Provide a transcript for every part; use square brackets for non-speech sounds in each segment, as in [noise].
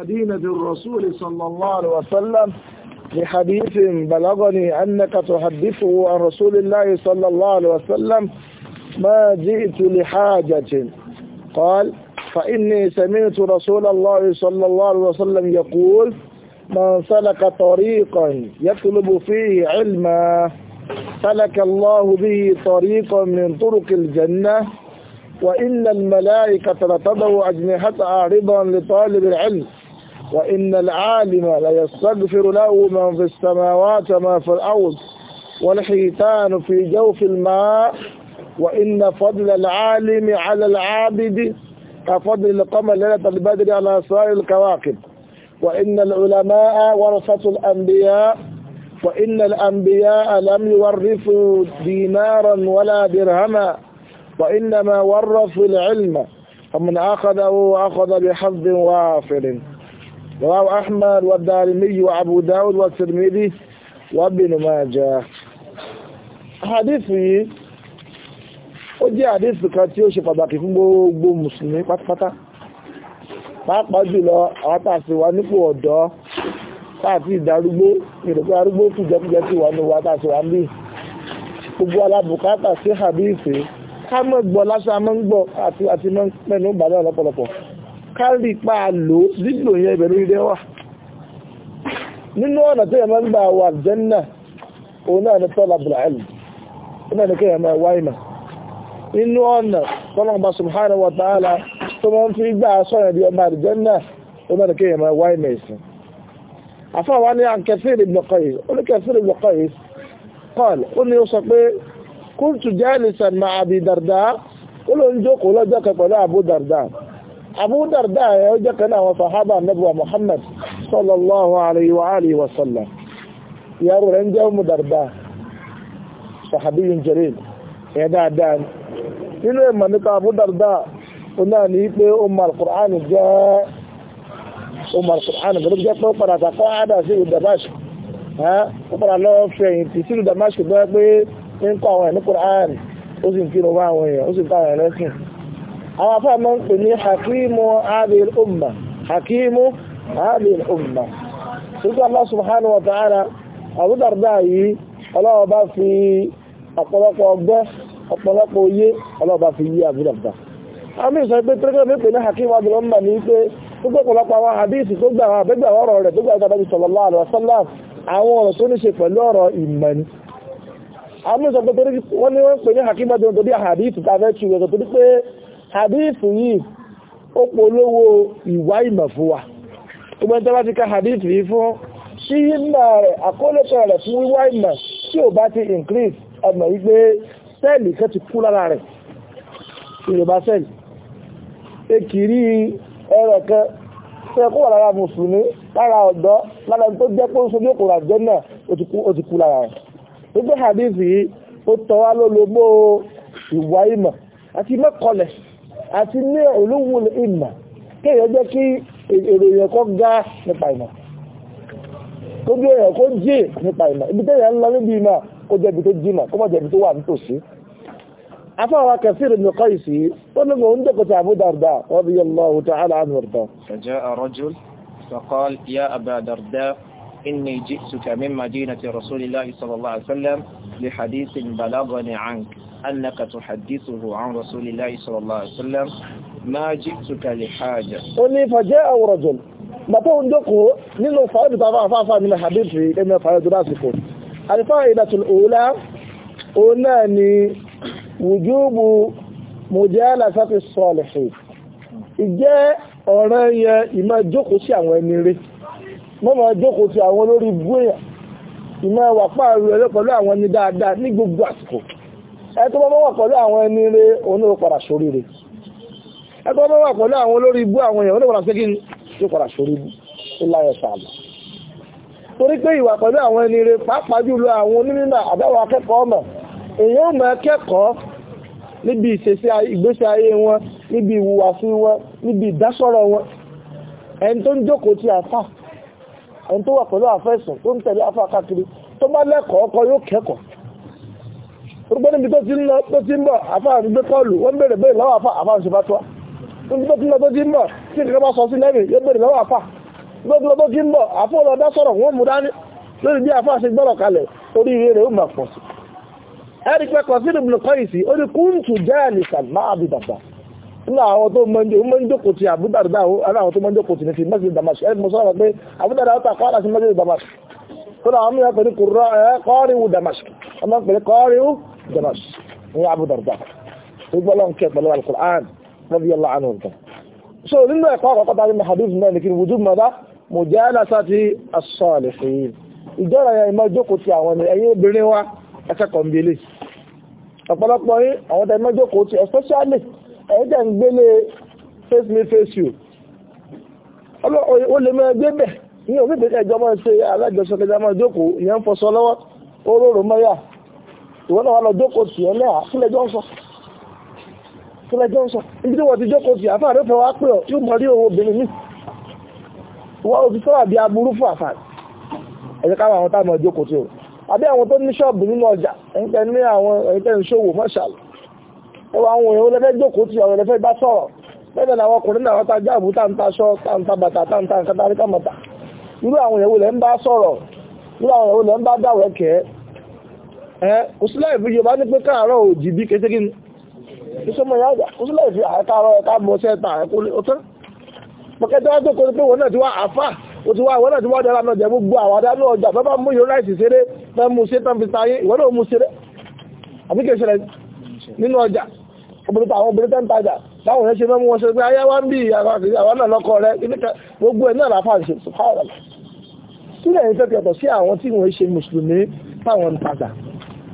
مدينة الرسول صلى الله عليه وسلم بحديث بلغني أنك تحدثه عن رسول الله صلى الله عليه وسلم ما جئت لحاجة قال فإني سمعت رسول الله صلى الله عليه وسلم يقول من سلك طريقا يطلب فيه علما سلك الله به طريقا من طرق الجنة وإن الملائكة لتضع أجنحتها عرضا لطالب العلم وإن العالم ليستغفر له من في السماوات ما في الأرض والحيتان في جوف الماء وإن فضل العالم على العابد كفضل القمر ليلة البدر على سائر الكواكب وإن العلماء ورثة الأنبياء وإن الأنبياء لم يورثوا دينارا ولا درهما وإنما ورثوا العلم فمن أخذه أخذ بحظ وافر رواه أحمد والدارمي وأبو داود والترمذي وابن ماجه حديث yìí ó jẹ́ àdíṣì kan tí ó ṣe pàtàkì fún gbogbo mùsùlùmí pátápátá pàápàá jùlọ àwọn tàṣì wà nípò ọ̀dọ́ tààtì ìdarúgbó ìrùkú arúgbó kùjẹkùjẹ tí wà ní wà tàṣì wà ní gbogbo alábùkátà sí àdíṣì ká mọ́ gbọ́ lásán mọ́ ń gbọ́ àti mọ́ ń pẹ̀lú ìbàdàn lọ́pọ̀lọpọ̀ kárí pa lò lílò yẹn ìbẹ̀rù ilẹ̀ wà nínú ọ̀nà tó yẹ máa ń gbà wà jẹ́nà òun náà ni tọ́lá bùràìlì òun náà ni kí ẹ̀mà wáìmà nínú ọ̀nà tọ́lọ́mọba subhanahu wa ta'ala tó máa ń fi gbà sọ́yẹ̀ di ọmọ àdìjẹ́nà òun náà ni kí ẹ̀mà wáìmà ìsìn afáwa ní Kathir ibn Qais ó ní Kathir lọ́jọ́ kan pẹ̀lú Abu Darda ó jẹ́ kan àwọn sahaba Nabi wa Muhammad sallallahu alaihi wa alihi wa sallam yaro rẹ̀ ń jẹ́ Ummu Darda sahabiyun jalil ya dáadáa nínú ìmọ̀ nípa Abu Darda ọ̀nà ní pé Ummu al-Qur'an jẹ́ Ummu al-Qur'an gẹ́gẹ́ jẹ́ pé ó padà tàkọ́ àdá sí ìlú lọ fẹ̀yìn tì sí ìlú Damask tó yẹ pé ń kọ́ àwọn ẹ̀ ní Qur'an ó sì ń kí lọ bá àwọn èèyàn ó sì ń kọ́ àwọn ẹ̀ àwọn afọ́ mọ́ ń pè ní hakimu hadhihi al-umma hakimu hadhihi al-umma ṣùgbọ́n Allah subhanahu wa ta'ala Abu Darda yìí ọlọ́wọ́ bá fi ọ̀pọ̀lọpọ̀ ọgbẹ́ ọ̀pọ̀lọpọ̀ oyé ọlọ́wọ́ bá fi yí Abu Darda àmì ìsọ pé tẹ́lẹ̀kẹ́ mi pè ní hakimu hadhihi al-umma ní pé gbogbo ọ̀pọ̀lọpọ̀ àwọn hadith tó gbà àwọn àbẹ́gbà ọ̀rọ̀ rẹ̀ tó gbà ìtàbí sallallahu alaihi wasallam àwọn ọ̀rọ̀ Hadithu yìí ó polówó ìwá ìmọ̀ fún wa gbogbo ẹni tó bá ti ka hadith yìí fún sí ìmọ̀ rẹ̀ àkólẹ́tọ̀ rẹ̀ fún wíwá ìmọ̀ tí ò bá ti increase ọmọ wípé sẹ́ẹ̀lì kẹ́ ti kú lára rẹ̀ yorùbá sẹ́ẹ̀lì ekiri ẹ̀rọ̀ kan fẹ́ kó wà lára mùsùlùmí lára ọ̀dọ́ lára tó jẹ́ pé ó sojú òkúra jẹ́ náà ó ti kú lára rẹ̀ àti ní olówó ìmọ̀ kéèyàn jẹ́ kí èrò èèyàn kọ́ gá nípa ìmọ̀ tó bí èèyàn kó jẹ́ nípa ìmọ̀ ibi tẹ́yàn ń lọ níbi ìmọ̀ kó jẹ́ ibi tó jìmọ̀ kó má jẹ́ ibi tó wà nítòsí afáwa Kathir ibn Qais ó ní òun dẹ́kọ̀tà Abu Darda radiyallahu ta'ala anhu أنك تحدثه عن رسول الله صلى الله عليه وسلم ما جئتك لحاجة قل فجاء رجل ما تقول دقه نينو فائدة فافا من حبيبي لأنه فائدة راسكو الفائدة الأولى أناني وجوب مجالسة الصالحين ìjẹ́ ọ̀ràn yẹ ìmá jókòó sí àwọn ẹni rí mọ́ máa jókòó sí àwọn olórí bú èèyàn ìmá wà pààrọ̀ ẹ̀rẹ́ pẹ̀lú àwọn ẹni dáadáa ní gbogbo àsìkò ẹ̀tọ́ bọ́ wà pẹ̀lú àwọn ẹni rẹ̀ oníwò padà sórí rẹ̀ ẹ̀tọ́ bọ́ wà pẹ̀lú àwọn olórí ibú àwọn èèyàn oníwò padà sí kí ní padà sórí ìláyọ̀ sàmà torí pé ìwà pẹ̀lú àwọn ẹni rẹ̀ pàápàá jùlọ àwọn onímọ̀ àbẹ́wọ̀ akẹ́kọ̀ọ́ mọ̀ èèyàn mọ̀ kẹ́kọ̀ọ́ níbi ìṣesí ìgbésí ayé wọn níbi ìwùwàsí wọn níbi ìdásọ̀rọ̀ wọn ẹni tó ń jókòó ti àfà ẹni tó wà pẹ̀lú àfẹ́sùn tó ń tẹ̀lé àfà káàkiri tó bá lẹ́kọ̀ọ́ kọ yóò kẹ́kọ̀ọ́ rúgbọ́n níbi tó ti ń lọ tó ti ń bọ̀ àfáà ń kọlù wọ́n bèèrè bèèrè lọ́wọ́ àfáà àfáà ń ṣe bá tó níbi tó ti lọ tó ti ń bọ̀ tí ìdílé sọ sí lẹ́mì yóò bèèrè lọ́wọ́ àfáà níbi tó ti lọ tó ti ń bọ̀ àfáà lọ sọ̀rọ̀ wọ́n mú dání lórí bí àfáà ṣe gbọ́rọ̀ kalẹ̀ orí ire rẹ̀ ó mà pọ̀ sí ẹ̀rí pé kọ̀sílù ibn Qaisi ó ní kúntù jáàlì sàlmá àbìdàdà jabash ní Abu Darda gbogbo ọlọ́run kẹ́ pẹ̀lú al-Qur'an radiyallahu anhu nǹkan so nínú ẹ̀kọ́ àkọ́kọ́ tàbí mahadum náà ní kí wujub mọ́dá mujalasati as-salihin ìjọ́ra ya ìmọ̀ jókòó ti àwọn ni ẹ̀yin obìnrin wa ẹ̀kẹ́kọ̀ọ́ mbélé ọ̀pọ̀lọpọ̀ yín àwọn tẹ̀ ìmọ̀ jókòó ti especially ẹ̀yin tẹ̀ ń gbélé face me face you ó lè mọ́ ẹgbẹ́ bẹ̀ ní òfin ìpínlẹ̀ ìjọba ṣe alájọsọ kẹjọ máa jókòó ìyẹn ń fọṣọ lọ́wọ́ ó rọrùn mọ́yà ìwọ́n náà wà lọ jókòó tì ẹ́ lẹ́à kílẹ̀jọ́ ń sọ kílẹ̀jọ́ ń sọ ibi tí wọ́n ti jókòó tì àfáà rẹ̀ fẹ́ wá pé ọ yóò mọ̀ rí owó obìnrin mi wọ́n ò fi sọ́rọ̀ àbí aburú fún àfáà ẹ̀jẹ̀ káwọn àwọn táwọn jókòó tì ó àbí àwọn tó ní ṣọ́ọ̀bù nínú ọjà ẹ̀ńtẹ́ ní àwọn ẹ̀ńtẹ́ ń ṣòwò mọ́ṣàlù ẹwà àwọn èèyàn lẹ́fẹ́ jókòó tì àwọn ẹ̀lẹ́fẹ́ bá sọ̀rọ̀ bẹ́ẹ̀ ni àwọn ọkùnrin náà ta jáàbù táǹtà ṣọ́ táǹtà bàtà táǹtà nǹkan tá irú àwọn èèyàn lẹ́ ń bá sọ̀rọ̀ irú àwọn èèyàn lẹ́ ń bá dáwọ̀ ẹ̀kẹ́ kòsílẹ̀ ìfi yorùbá ní pé káàárọ̀ òjì bí kéṣe gíní ìṣọ́mọ̀ ìyáàgbà kòsílẹ̀ ìfi àkáàrọ̀ ẹ̀ká bọ̀ sí ẹ̀ta ọ̀tán pọ̀kẹ́tẹ́ tó kó pé wọ́n náà ti wá àfà ó ti wá ìwọ́n náà ti wá dára náà jẹ gbogbo àwàdá náà ọjà bẹ́bá mú yóò láìsì ṣeré fẹ́ mú ṣe tán fi sáyé ìwọ́n náà mú ṣeré àbí kìí ṣẹlẹ̀ nínú ọjà obìnrin àwọn obìnrin tán tajà táwọn èèyàn ṣe mẹ́mú wọn ṣe pé ayá wá ń sílẹ̀ yìí fẹ́ sí àwọn tí wọ́n ṣe mùsùlùmí táwọn tajà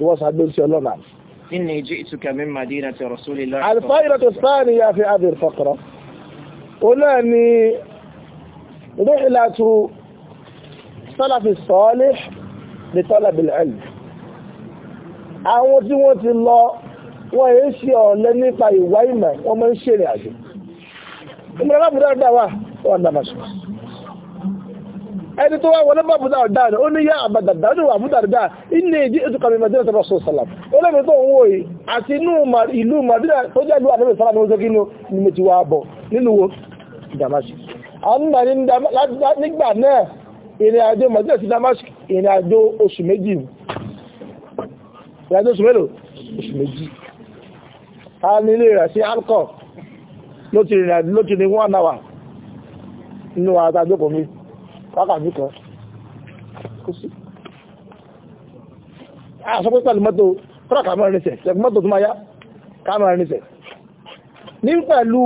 wọ́n sàgbé sí ọlọ́nà inni ji'tuka min madinati rasulillah al-fa'idatu ath-thaniya fi hadhihi al-faqra ọ̀nà ni rihlatu salafi salih li talab al-ilm àwọn tí wọ́n ti lọ wọ́n yé ṣe ọ̀lẹ ẹni tó wá wọlé bá bùdá ọ̀dá na ó ní yá àbàdàdà ó ní wà mi madina sọ́rọ̀ sọ́rọ̀ sàlám ó lẹ́nu tó ń wò yìí àti inú ìlú madina tó jẹ́ ìlú àdébẹ̀ mo ti wá bọ̀ nínú wo damask nígbà náà ìrìn àjò madina damask ìrìn àjò oṣù méjì ìrìn àjò oṣù mélòó oṣù méjì a ní ilé rẹ̀ sí alcohol ní one hour nínú wákàtí kan kò sí àṣọ́pẹ́ pẹ̀lú mọ́tò tọ́rọ kàmọ́ rìnṣẹ̀ ṣẹ̀kú mọ́tò tó máa yá kàmọ́ rìnṣẹ̀ ní pẹ̀lú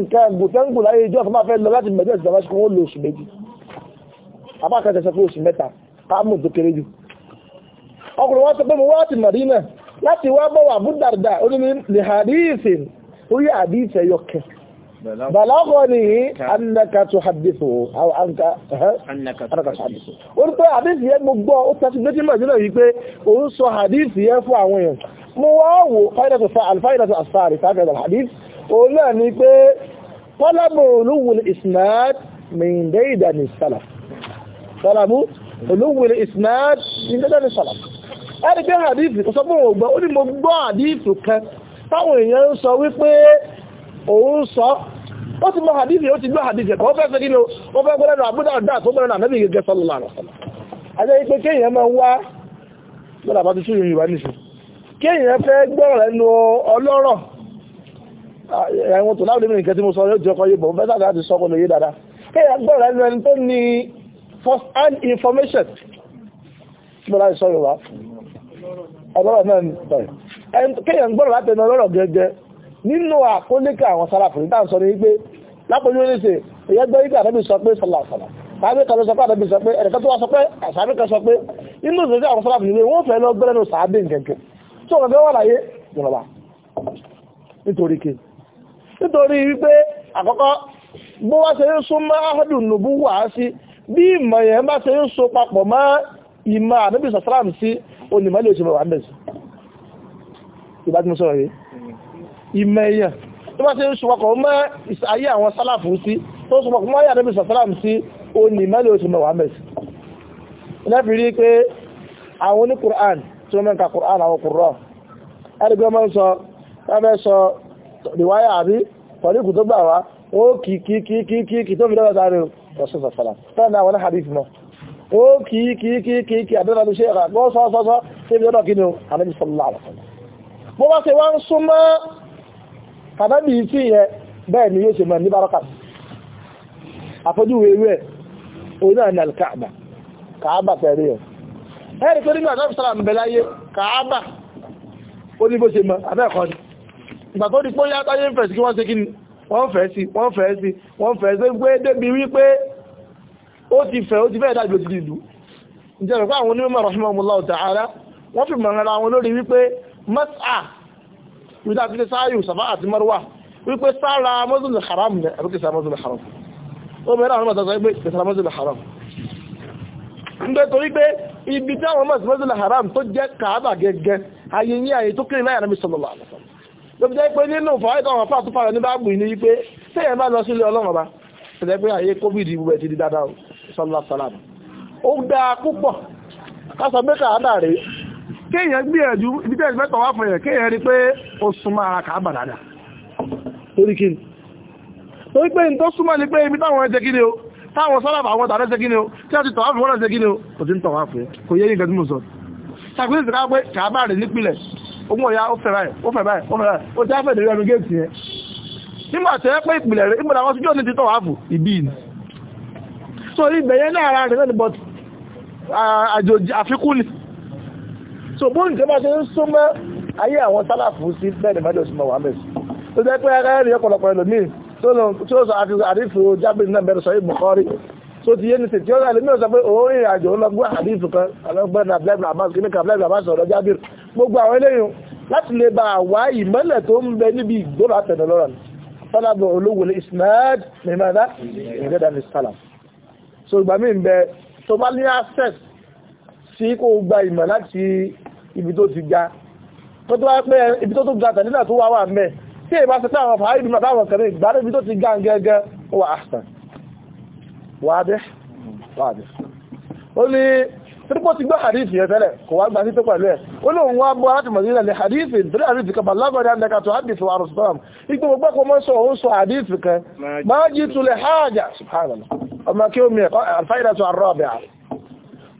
nǹkan gbòtẹ́ǹgbò láyé ìjọ fún máa fẹ́ lọ láti mẹ́jọ ìjọba ṣe kún ó lo oṣù méjì apákan tẹ̀sẹ̀ fún oṣù mẹ́ta káàmù tó kéré jù ọkùnrin wọn sọ pé mo wá ti Màdínà láti wá bọ̀ wà bú dàrdà ó ní lè hàdíìsì ó yẹ àdíìsì ẹyọ balagoni annaka tuhaddithu aw anka annaka tuhaddithu ó ní pé hadith yẹn mo gbọ́ ó tasi méjì ma jina yi pé ó ń sọ hadith yẹn fún àwọn èèyàn mo wá wò faidatu fa al faidatu asfari fa fi al hadith ó na ní pé talabu ulul isnad min daidan salaf talabu ulul isnad min daidan salaf ari pé hadith ó sọ pé ó gbọ́ ó mo gbọ́ hadith kan táwọn èèyàn sọ wípé òun sọ ó ti mọ hadithi ó ti gbọ́ hadithi ẹ̀kọ́ ó fẹ́ fẹ́ kí ni ó fẹ́ gbọ́lẹ́nu àbúdàdà tó gbọ́lẹ́nu àmẹ́bí gẹ́gẹ́ sọ́lọ́lá àrọ̀sọ́lá àjẹ́ ipé kéèyàn máa wá lọ́dà bá ti ṣúrù yorùbá nìṣù kéèyàn fẹ́ gbọ́rọ̀ lẹ́nu ọlọ́rọ̀ ẹ̀wọ̀n tó láwùdí mìíràn tí mo sọ yóò jẹ́ ọkọ̀ yìí fẹ́ sáà ti sọ ọkọ̀ lóye dáadáa kéèyàn gbọ́rọ̀ lẹ́nu ẹni tó ní first hand information tí mo láti sọ yorùbá ọlọ́rọ̀ náà kéèyàn gbọ́rọ̀ látẹnu ọlọ́rọ̀ gẹ́gẹ́ nínú àkólékà àwọn sálàfù ní táà ń sọ ní wípé lápòjú ní ṣe èyẹ gbé ìgbà àdẹ́bì sọ pé sọlàfàlà sàbí kan ló sọ pé àdẹ́bì sọ pé ẹ̀rẹ̀kẹ́ tó wá sọ pé àsàbí kan sọ pé inú ìṣẹ́jẹ́ àwọn sálàfù nílé wọ́n fẹ́ lọ gbẹ́rẹ́ nù sàábì nkẹ̀kẹ́ tó wọ́n fẹ́ wà láyé jọlọba nítorí kí nítorí wípé àkọ́kọ́ bó wá ṣe ń súnmọ́ áhàdù nùbú wà á sí ìmọ̀ èèyàn tó bá ṣe ń ṣùpọ̀kọ̀ mọ́ ayé àwọn sálàfù sí tó ṣùpọ̀kọ̀ mọ́ ayé àdébì sàtàlám sí o ní mẹ́lẹ̀ oṣù mẹ́wàá mẹ́sì lẹ́fi Qur'an tí wọ́n mẹ́ka Qur'an àwọn kùrọ̀ ẹ̀rẹ́gbẹ́ mọ́ ń sọ ẹgbẹ́ sọ ìwáyà àbí pẹ̀lú ìkù tó gbà wá ó kì kì kì kì kì kì tó fi lọ́wọ́ sáré ọ̀sán sàtàlám fẹ́ẹ̀ náà wọn hadith náà ó kì kì kì kì kì àdúrà ló ṣe ẹ̀rọ àgbọ́ sọ́sọ́sọ́ tí ibi lọ́dọ̀ tàbí tí yẹ bẹ́ẹ̀ ni yóò ṣe mọ̀ ní baraka àfojúwe rẹ̀ òun náà ni alkaaba kaaba pẹ̀lú ẹ̀ ẹ̀rì pé nígbà tó sára ń bẹ láyé kaaba ó ní bó ṣe mọ̀ abẹ́ẹ̀kọ́ ni ìgbà tó ní pé yá táyé ń fẹ̀ sí kí wọ́n ṣe kí ni wọ́n fẹ́ sí wọ́n fẹ́ sí wọ́n fẹ́ sí pé débi wípé ó ti fẹ́ ó ti fẹ́ dájú ti dìdú ìjẹ́ rẹ̀ pé àwọn onímọ̀ rahimahumullahu ta'ala wọ́n fi mọ̀ ara wọn lórí wípé mas'a ibi tá a ti lé sáyù sàfà àti marwa wípé sára mọ́sùlùmí haram ní àbíkí sára mọ́sùlùmí haram ó mẹ́rin àwọn mọ́sùlùmí pé ìsára mọ́sùlùmí haram nígbẹ́ torí pé ibi tí àwọn mọ́sùlùmí haram tó jẹ́ kàábà gẹ́gẹ́ ayé ní ayé tó kéré láyàrá mi sọ̀lọ̀ lọ́pọ̀ jẹ́ pé nínú fàáyé táwọn afá àtúfà rẹ̀ ní báàbù ní wípé sẹ́yìn bá sọ kéèyàn gbìyànjú ibi tẹ́ ìgbẹ́tọ̀ wá fún yẹn kéèyàn rí pé ó súnmọ́ ara kàábà dáadáa torí kí torí pé n tó súnmọ́ ni pé ibi táwọn ẹsẹ̀ kíni o táwọn sọ́làbà àwọn tààrẹ́ ẹsẹ̀ kíni o tí wọ́n ti tọ̀wá fún wọn ẹsẹ̀ kíni o kò ti ń tọ̀wá fún yẹn kò yẹ nǹkan tí mo sọ ṣàkóso ìsìnká pé kàábà rẹ̀ nípìnlẹ̀ ogun ọ̀yá ó fẹ́ báyìí ó fẹ́ báyìí ó fẹ́ báyìí ó ti á fẹ́ dèrè ẹnu géètì yẹn nígbà tẹ́ pé ìpìlẹ̀ rẹ̀ ìgbà àwọn síjọ́ ní ti tọ́wà fù ìbí ni so ibẹ̀yẹ náà ara rẹ̀ lẹ́nu but àjòjì àfikún ni so bóyí tó bá ṣe ń súnmọ́ ayé àwọn sálàfù sí bẹ́ẹ̀ nìbájọ́ sí mohammed tó jẹ́ pé ẹgbẹ́ rí ọ̀pọ̀lọpọ̀ ẹlòmíì tí ó sọ àti àdífò jábìrì náà bẹ̀rẹ̀ sọ ìbùkọ́rí tó ti yé ní tètè ọ̀rọ̀ ẹlòmíì sọ pé òórìn ìrìnàjò ọlọ́gbọ́n àdífò kan ọlọ́gbọ́n abdul abbas kíníkà abdul abbas ọ̀rọ̀ jábìrì gbogbo àwọn eléyìn láti lè bá àwá ìmọ́lẹ̀ tó ń bẹ níbi ìgbóra àtẹ̀dọ̀lọ́rọ̀ tọ́lábọ̀ olówó ismaid mẹ́mẹ́dá ìrẹ́dà ní sálàm so ìgbà ń bẹ tó bá ní access sí kó gba ìmọ̀ láti ibi tó ti ga tó tó wá pé ibi tó tó ga tàn nígbà tó wá wà mẹ́ tí èyí bá sọ pé àwọn fàáyì ìdúnmọ̀ táwọn kẹrẹ ìgbàdé ibi tó ti ga gẹ́gẹ́ ó wà ahsan wádẹ́ wádẹ́ ó ní tírípọ̀ ti gbọ́ hadithi yẹn tẹ́lẹ̀ kò wá gbà sí tó pẹ̀lú ẹ̀ ó ní òun wá bọ́ láti mọ̀sílẹ̀ lẹ́lẹ̀ hadithi tírí hadithi kan bàlágbàdà lẹ́ka tó hadithi wa rọ̀sùtọ́rọ̀m ipò gbogbo kò mọ́ sọ òun sọ hadithi kan máa jí tulẹ̀ hajj subhanallah ọmọ kí omi ẹ̀kọ́ alfaida tó arọ́ bẹ̀rẹ̀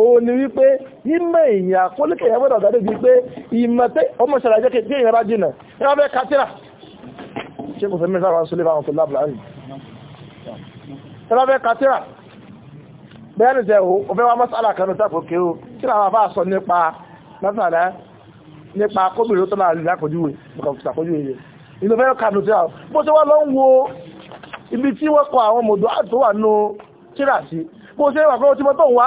òun ni wípé ìmọ̀ èèyàn àkólíkè èèyàn gbọ́dọ̀ ọ̀gá débi pé ìmọ̀ tẹ́ ọmọ ṣàlàyé kí èèyàn bá jìnà ẹ wọ́n fẹ́ kátírà ṣe kò fẹ́ mẹ́ta wọn sólé fáwọn tó lábùlá ni sẹ́wọ́ ó ni àwọn afá sọ nípa mọ́sálà nípa kóbìnrin tó máa rí lákòjúwe ṣàkójúwe rẹ̀ inú fẹ́ kàdùn sí àwọn bó ṣe wá lọ ń wo ibi tí wọ́n kọ àwọn mòdó àtúwà nù kíra bó ṣe wà fẹ́ wọ́n ti wá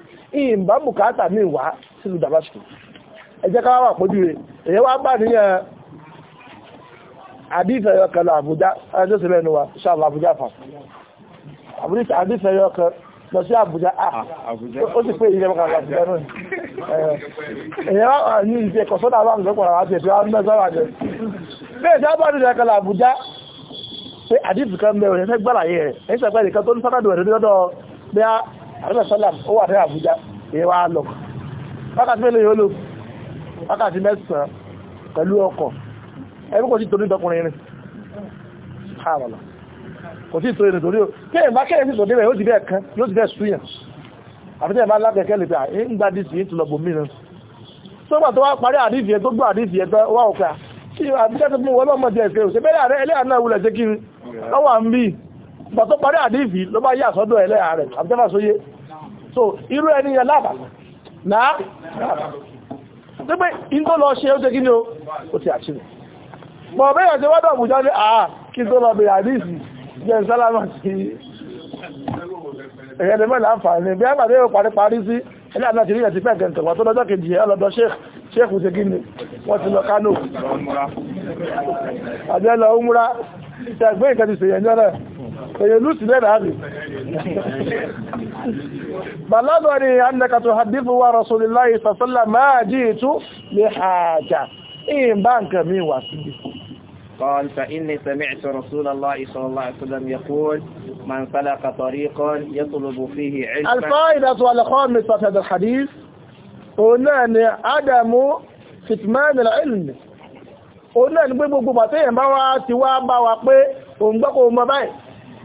ìbá bùkátà mi wá sílùú Damascus ẹ jẹ́ wà pójú rẹ̀ èyí wá bá níyàn àdífẹ̀yọ kan lọ Àbújá ẹjọ́ sí wa Àbújá fà àdífẹ̀yọ kan lọ sí Àbújá ah, ah, ó sì pé ìyẹ́ àrẹ́sọ̀làm ó wà ní àbújá èyí wá lọ wákàtí mẹ́lẹ̀ yóò lò wákàtí mẹ́sàn-án pẹ̀lú ọkọ̀ ẹbí kò sí torí tọkùnrin rìn ṣàrọ̀lá kò sí torí nítorí o kéèyàn bá kéèyàn sí tòdé rẹ̀ yóò ti bẹ́ẹ̀ kan yóò ti bẹ́ẹ̀ súyàn àfihàn bá lákẹ̀kẹ́ lè pé à ń gbá dìsì yìí tùlọ̀ bòmíràn tó gbà tó wá parí àdìsì tó gbọ́ àdìsì tó wá òkà tí àbíkẹ́ tó mú wọ́n lọ́mọdé ẹ̀sẹ̀ òṣèbẹ́rẹ́ àrẹ ẹlẹ́yà náà wulẹ̀ ṣe kiri lọ́wọ́ à ń bíi bọ̀ tó parí àdífì ló bá yà sọ́dọ̀ ẹlẹ́yà rẹ̀ àbújẹ́fà sóyé so irú ẹni yẹn lábà náà tó pé in tó lọ ṣe ó jẹ́ kí ni ó ti àṣírẹ̀ bọ̀ bẹ́yẹ̀ tí wọ́dọ̀ àbújá ní àà kí tó lọ bèèrè àdífì jẹ́ sálámà sí ẹ̀yẹ́dẹ̀ mẹ́lá àǹfààní bí àgbàdé yóò parí parí sí ilé àti àti ìrìnàtí pẹ̀kẹ̀ ìtọ̀wà tó lọ́jọ́ kejì ọlọ́dọ̀ ṣéèkù ṣe gíní wọ́n ti lọ kánò àjẹ́lọ umra ìtẹ̀gbẹ́ ìkẹ́ ti ṣèyẹ̀ ní ọ̀rẹ́ èyí ló sì lẹ́rẹ̀ àmì balabari annaka tó hadithu wa rasulillahi sasalla máa jí ìtú ní àjà in bá nǹkan mi wà sí قال فإني سمعت رسول الله صلى الله عليه وسلم يقول من سلك طريقا يطلب فيه علما الفائدة والخامسة هذا الحديث هنا عدم كتمان العلم هنا نقول بقبطين بوا سوا بوا بوا بوا بوا بوا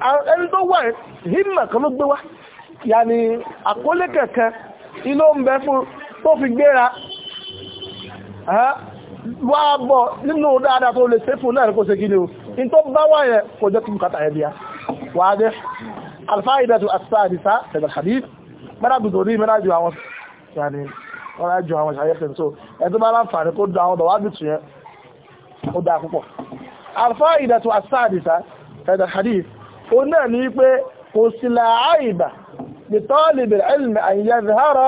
ẹni tó wà hímà kan ló gbé wá yàní àkólé kẹ̀kẹ́ iná ń bẹ fún tó fi gbéra wá bọ̀ nínú dáadáa tó lè ṣe fún náà kó ṣe kí o in tó bá wà yẹ kò jẹ́ kí bùkátà ẹbí wáadé alfa'idatu as-sadisa daga hadith mẹ́ra bùdórí mẹ́ra ju àwọn yàní wọ́n rájú àwọn ṣàyẹ́fẹ́ so ẹ̀tọ́ bá láǹfààní kó dá àwọn ọ̀dọ̀ wábìtù hadith ó náà ní pé kò sí láàáìbà ní tọ́lìbì ilmi àyíyá zahara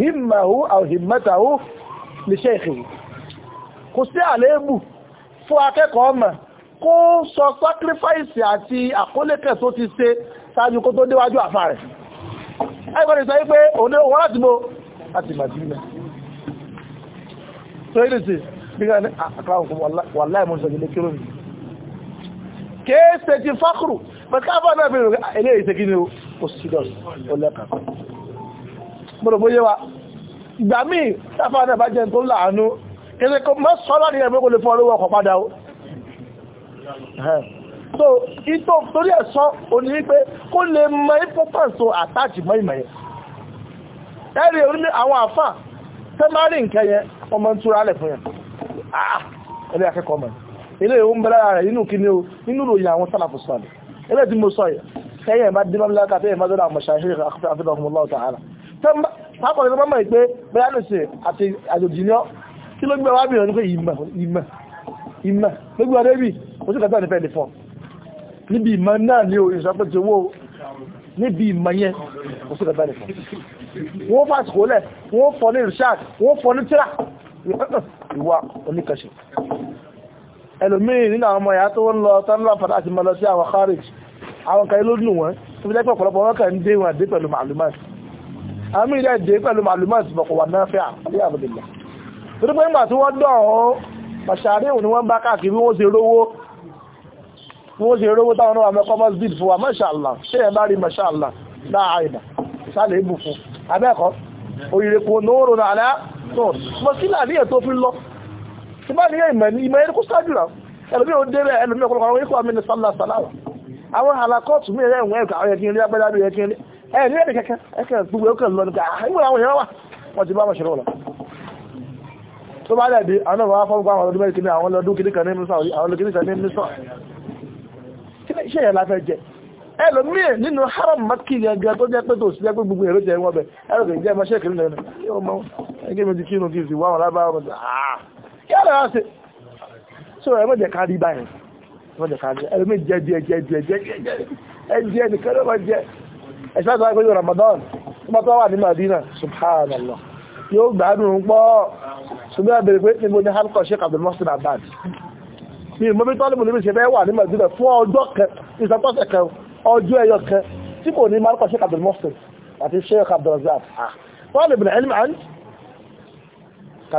himmahu aw himmatahu li shaykhihi kò sí àléébù fún akẹ́kọ̀ọ́ mọ̀ kó sọ sacrifice àti àkólékẹ̀ tó ti ṣe sáájú kó tó déwájú àfà rẹ̀ ẹgbẹ́ ìsọ wípé but káfà náà fi ah, ni ó sídọ̀s ó lẹ́kàkọ́ mọ́rọ̀ bóyé wa ìgbà míì káfà náà bá jẹ́ tó láàánú kẹsẹ́ kó mọ́ sọ́lá ní ẹgbẹ́ kò lè fún ọlọ́wọ́ ọkọ̀ padà ó so ìtò torí ẹ̀sọ́ òní wípé kó lè mọ ìpọ́pàṣọ àtàjì mọ́ ìmọ̀ yẹn ẹ̀rí orí àwọn ah ẹ̀rí akẹ́kọ̀ọ́ mọ̀ ilé ìwọ̀n bẹ̀rẹ̀ rẹ̀ nínú kí ni ó ilé tí mo sọ yìí kẹyẹ bá dé mọ́míláka tẹ́yẹ bá dọ́dọ̀ àmọ̀ṣà ṣe àfihàn ọmọ ọlọ́ọ̀ta ara pápọ̀ ìlú mọ́mọ̀ ìpé bẹ́yà ní sí àti àjòjìyàn kí ló gbé wá bí ìrọ̀lú pé ìmọ̀ ìmọ̀ ìmọ̀ ló gbé wá débì kò sí kàtà nífẹ̀ẹ́ nìfọ̀n níbi ìmọ̀ náà ni o ìṣàpẹ́ ti owó níbi ìmọ̀ yẹn kò sí kàtà nìfọ̀n wọ́n ẹlòmíì nínú àwọn ọmọ ìyá tó ń lọ tánlá fàdá àti mọ́lọ sí àwọn kárìkì àwọn kan ló nù wọ́n tó fi jẹ́ pọ̀pọ̀lọpọ̀ wọn kàn ń dé wọn dé pẹ̀lú màlúmáàtì àwọn míì dẹ̀ dé pẹ̀lú màlúmáàtì bọ̀kọ̀ wà náà fẹ́ àkọlẹ́ àbúdìlá torí pé nígbà tí wọ́n dán ọ́ màṣàrí òní wọ́n bá káàkiri bí wọ́n ṣe rówó bí wọ́n ṣe rówó táwọn náà mẹ́kọ́ mọ́ sí fún wa mọ́ṣàlá ṣé ẹ̀ bá rí mọ́ṣàlá dáa ìdà ìbùkún abẹ́ẹ̀kọ́ òyìnbó nóòrò nàlẹ́ tó tí bá ní ìmọ̀ ní ìmọ̀ ẹ̀rẹ́kú sáájú rà ẹlòmí ò dé rẹ̀ ẹlòmí ọ̀pọ̀lọpọ̀ àwọn ikú àmì ní sálà sàláwà àwọn àlàkọ́ọ̀tù mí rẹ̀ ẹ̀wọ̀n ẹ̀kọ́ àwọn ẹ̀kí ní abẹ́lá bí ẹ̀kí ní ẹ̀rí ẹ̀rí kẹ́kẹ́ ẹ̀kẹ́ gbogbo ẹ̀kọ́ lọ nípa ah, àwọn àwọn èèyàn wà wọ́n ti bá wọn ṣẹlẹ̀ lọ tó bá dẹ̀bi àwọn ọmọ afọ́ gbọ́ àwọn ọdún mẹ́rin kìíní àwọn ọdún kìíní kan ní mísọ̀ àwọn ọdún kìíní kan ní mísọ̀ ṣé yẹn la fẹ́ jẹ ẹlòmí nínú haram maki gẹ́gẹ́ tó jẹ́ pé tó sí ẹgbẹ́ gbogbo èrò jẹ́ wọ́n bẹ̀ ẹlòmí jẹ́ mọ́ṣẹ́ kìíní lẹ́nu yóò mọ́ ẹgbẹ́ mi ti kí kí àlọ́ ṣe so ẹ mọ̀jẹ̀ ká rí báyìí mọ̀jẹ̀ ká rí ẹlòmí jẹ́ jẹ́ jẹ́ jẹ́ jẹ́ jẹ́ ẹjẹ́ nìkan ló máa jẹ́ ẹ̀ṣẹ́ àti wáyé pé yóò Ramadan tó bá tó wà ní Madina subhanallah yóò gbádùn pọ́ ṣùgbọ́n àbẹ̀rẹ̀ pé níbo ni halkọ̀ ṣe kàbẹ̀ mọ́sìn abad ní ìmọ̀bí tọ́lùmù níbi ìṣẹ̀fẹ́ wà ní Madina fún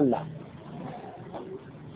ọjọ́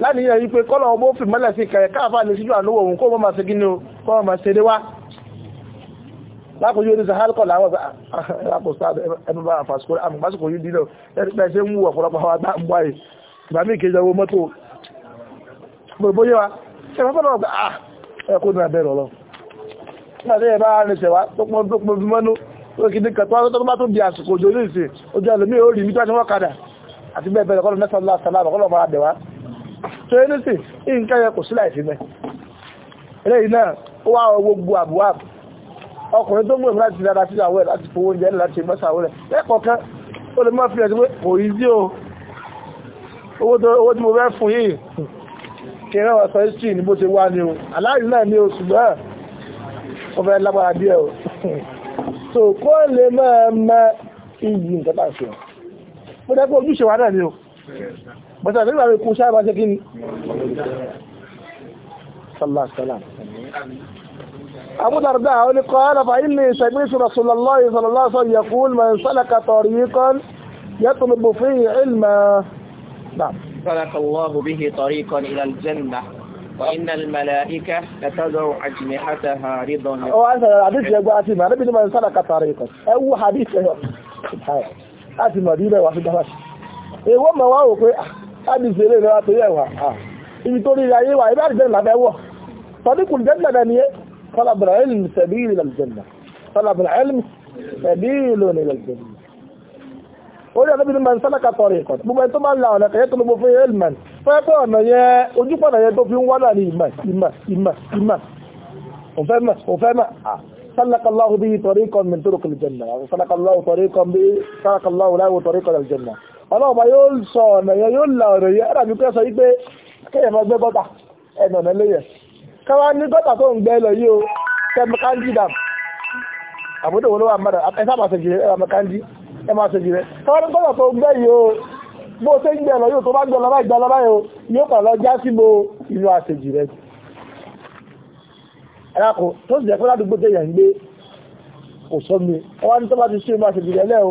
láníyàn yí pé kọ́lọ̀ ọmọ òfin mọ́lẹ̀ sí ìkẹrẹ káàfà lè síjú ànúwò òun kó mọ́ máa ṣe gínú kọ́ mọ́ máa ṣe déwá lákòójú oníṣẹ́ hálkọ̀ láwọn ah, ẹnu bá àfàṣkó àmùgbásùkò yìí dínà ẹgbẹ́ ṣe ń wù ọ̀pọ̀lọpọ̀ àwọn agbá ń wáyé ìgbà mí kejì owó mọ́tò gbogbo yẹwa ṣẹfẹ́fẹ́ náà ah ẹkùn náà bẹ̀rẹ̀ lọ láti ẹ̀bá arìnṣẹ̀ wá tó pọ́n tó pọ́n bímọ́nú tó kì ní kẹtọ́ tó bá tó di àsìkò àti wọ́n bẹ́ẹ̀ kọ́lọ̀ mẹ́sàn-án lásàlámà kọ́lọ̀ máa bẹ̀ so anything nǹkan yẹn kò sí láìsí mẹ́ lẹ́yìn náà ó wá gbogbo àbúwàbù ọkùnrin tó mú ẹ̀mí láti dára sí àwẹ̀ láti fowó oúnjẹ láti mọ́sàwó rẹ̀ lẹ́kọ̀ọ́kan ó lè mọ́ fi ẹ̀sí pé kò yí sí o owó tí mo fẹ́ fún yìí kẹrẹ ọ̀sọ̀ history ní bó ṣe wá ní o aláàrí náà ní oṣù náà ó fẹ́ lágbára díẹ̀ o [laughs] so kó lè máa mọ iyì nǹkan bá ṣe mo dẹ́ pé ojúṣe wa náà ni o بس على فكره بيكون شعب عايز يجيني صلى الله عليه وسلم ابو درداء قال فاني سمعت رسول الله صلى الله عليه وسلم يقول من سلك طريقا يطلب فيه علما نعم سلك الله به طريقا الى الجنه وان الملائكه لتدعو اجنحتها رضا او هذا الحديث يا ابو عاصم ربي من سلك طريقا او حديث سبحان الله هذه المدينه واحده ماشي ايه هو ما واو láti ṣeré ìrora torí ẹ̀wà ibi tó rí ayé wà ibá àdìjẹ́ ìlàbẹ̀ wọ̀ tọ́díkù jẹ́nà ni tọ́lábìnà ilm sẹ̀bíìlì lẹ́lẹ́jẹ̀nà tọ́lábìnà ilm sẹ̀bíìlì lẹ́lẹ́jẹ̀nà orí ọ̀nà bíi mẹ́rin sálàkà tọrọ ìkọ̀ gbogbo ẹni tó máa ń la ọ̀nà kẹyẹ tó lọ́gbọ́ fún elman fẹ́ pé ọ̀nà yẹn ojúpọ̀nà yẹn tó fi ń wádà ní ìmà ìmà ìmà ìmà òfẹ́mà òfẹ́mà ah. sálàkàláwò bíi tọrọ ìkọ̀ mẹ́tòrò kìlì jẹ́nà sálàkàláwò tọrọ ìkọ̀ bíi sálàkàláwò láwò tọrọ ìkọ̀ jẹ́nà ọlọ́ọ̀bá yóò sọ ọ̀nà yẹn yóò la ọ̀rọ̀ yẹn ẹ̀rọ àbíkú sọ wípé kéèyàn máa gbẹ́ gọ́tà ẹ̀nà ọ̀nà lẹ́yẹ̀ káwá ní gọ́tà tó ń gbẹ́ lọ yìí o kẹ́mẹ́káńdì dam àbúdó wo ló wà mọ́ra ẹ sábà ṣe jìrẹ́ ẹ̀rọ mẹ́káńdì ẹ máa ṣe jìrẹ́ káwá ní gọ́tà tó ń gbẹ́ yìí o bó ṣe ń gbẹ́ lọ yóò tó bá gbẹ́ lọ báyìí gbẹ́ lọ báyìí o yóò kàn lọ já sí bo inú àṣejì rẹ ẹ̀ráko tó sì jẹ́ pé ládùúgbò tẹ̀yàn ń gbé kò sọ́mi ọwọ́ ní tó bá ti ṣe máa ṣe jìrẹ́ lẹ́o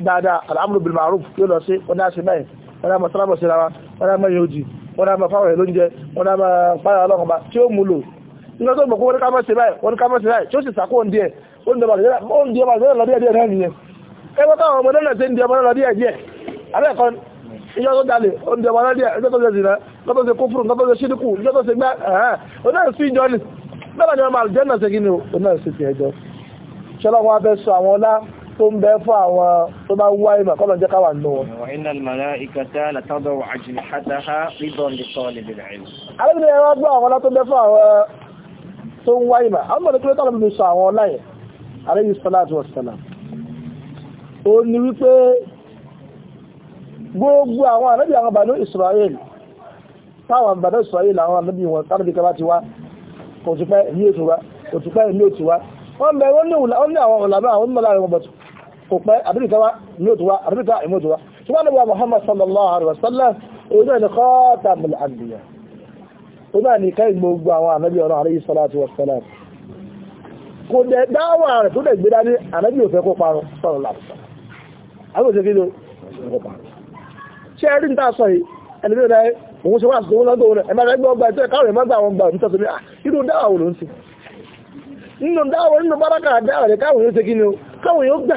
dáadáa al'amru bil ma'ruf yóò lọ sí wọ́n dá sí báyìí wọ́n dá mọ̀ sálábọ̀ sí ra wọ́n dá mọ̀ yóò jì wọ́n dá mọ̀ fáwọn ìlóúnjẹ wọ́n dá mọ̀ fáwọn ọlọ́run bá tí ó mú lò nígbà tó mọ̀ kó wọ́n ká mọ̀ sí báyìí wọ́n ká mọ̀ sí báyìí tí ó sì sàkó oúnjẹ oúnjẹ bá lọ díẹ̀ díẹ̀ náà nìyẹn ẹgbẹ́ abẹ́ sọ àwọn ọlá tó ń bẹ fún àwọn tó bá wá ìmọ̀ kọ́lọ̀ jẹ́ káwà nù wọn. alábìnrin ẹ̀rọ gbọ́ àwọn ọlá tó ń bẹ fún àwọn tó ń wá ìmọ̀ àwọn ọmọdé kílótà lọ́bìnrin sọ àwọn ọlá yẹn alayhi salatu wassalam ó ní wípé gbogbo àwọn ànábì àwọn bàánú Israel táwọn bàánú Israel àwọn ànábì wọn tánàbí kaba ti wá kò tupẹ́ ní ètò wá kò tupẹ́ ní wọ́n bẹ̀rẹ̀ wọ́n ní àwọn ọ̀làbá àwọn mọ́lá rẹ̀ wọ́n bọ̀tù kò pẹ́ àbíríkàwá ní òtùwá àbíríkà ìmòtùwá tí wọ́n lọ́wọ́ Muhammad sallallahu alaihi wasallam ojú ẹni khatamul anbiya ó náà ní káyìn gbogbo àwọn ànábì ọ̀nà alayhi salatu wassalam kò dẹ̀ dáwà rẹ̀ tó dẹ̀ gbé dání ànábì òfẹ́ kó parun sọ̀rọ̀ láàrùsọ àwọn òṣèké ló kó parun ṣé ẹrí níta sọ yìí ẹni bí ó dáyé òun ṣe wá àsìkò òun lọ́dọ̀ òun ẹ̀ máa gbọ́ ọgbà ìtọ́ ẹ̀káwọ̀ ẹ̀ má gbà àwọn ọgbà òmítọ́ tó ní irú dáwà òun ló ń ṣe nínú dáwà nínú bárákà dáwà rẹ̀ káwọn yóò ṣe kí ni gbà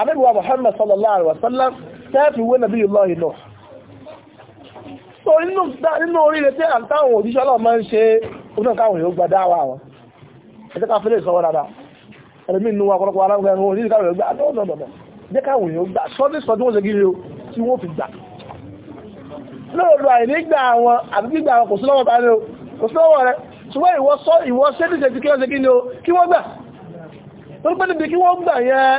àbẹ́bíwá Muhammad sallallahu alaihi wasallam tẹ́ẹ̀fì wé nàbí ìlọ́yìn náà so nínú oríire tí à ń táwọn òjíṣẹ́ ọlọ́run máa ń ṣe oníkan káwọn èèyàn gba dáwà wọn ẹ̀jẹ̀ ká fẹ́lẹ̀ sọ́wọ́ dáadáa ẹlẹ́mí inú wa kọ́lọ́kọ́ aláwọ̀ ẹ̀rọ oríire káwọn èèyàn gbà dọ́dọ̀dọ̀ jẹ́ káwọn èèyàn gbà sọ́dí sọ́dí wọ́n ṣe gírí o tí wọ́n fi gbà lóòrò àìní gbà àwọn àti gbígbà àwọn kò sí lọ́wọ́ ta ni o kò sí lọ́wọ́ rẹ ṣùgbọ́n ìwọ sọ ìwọ ṣé ti ṣe ti kí wọ́n ṣe kí ni o kí wọ́n gbà torí pé níbi kí wọ́n gbà yẹn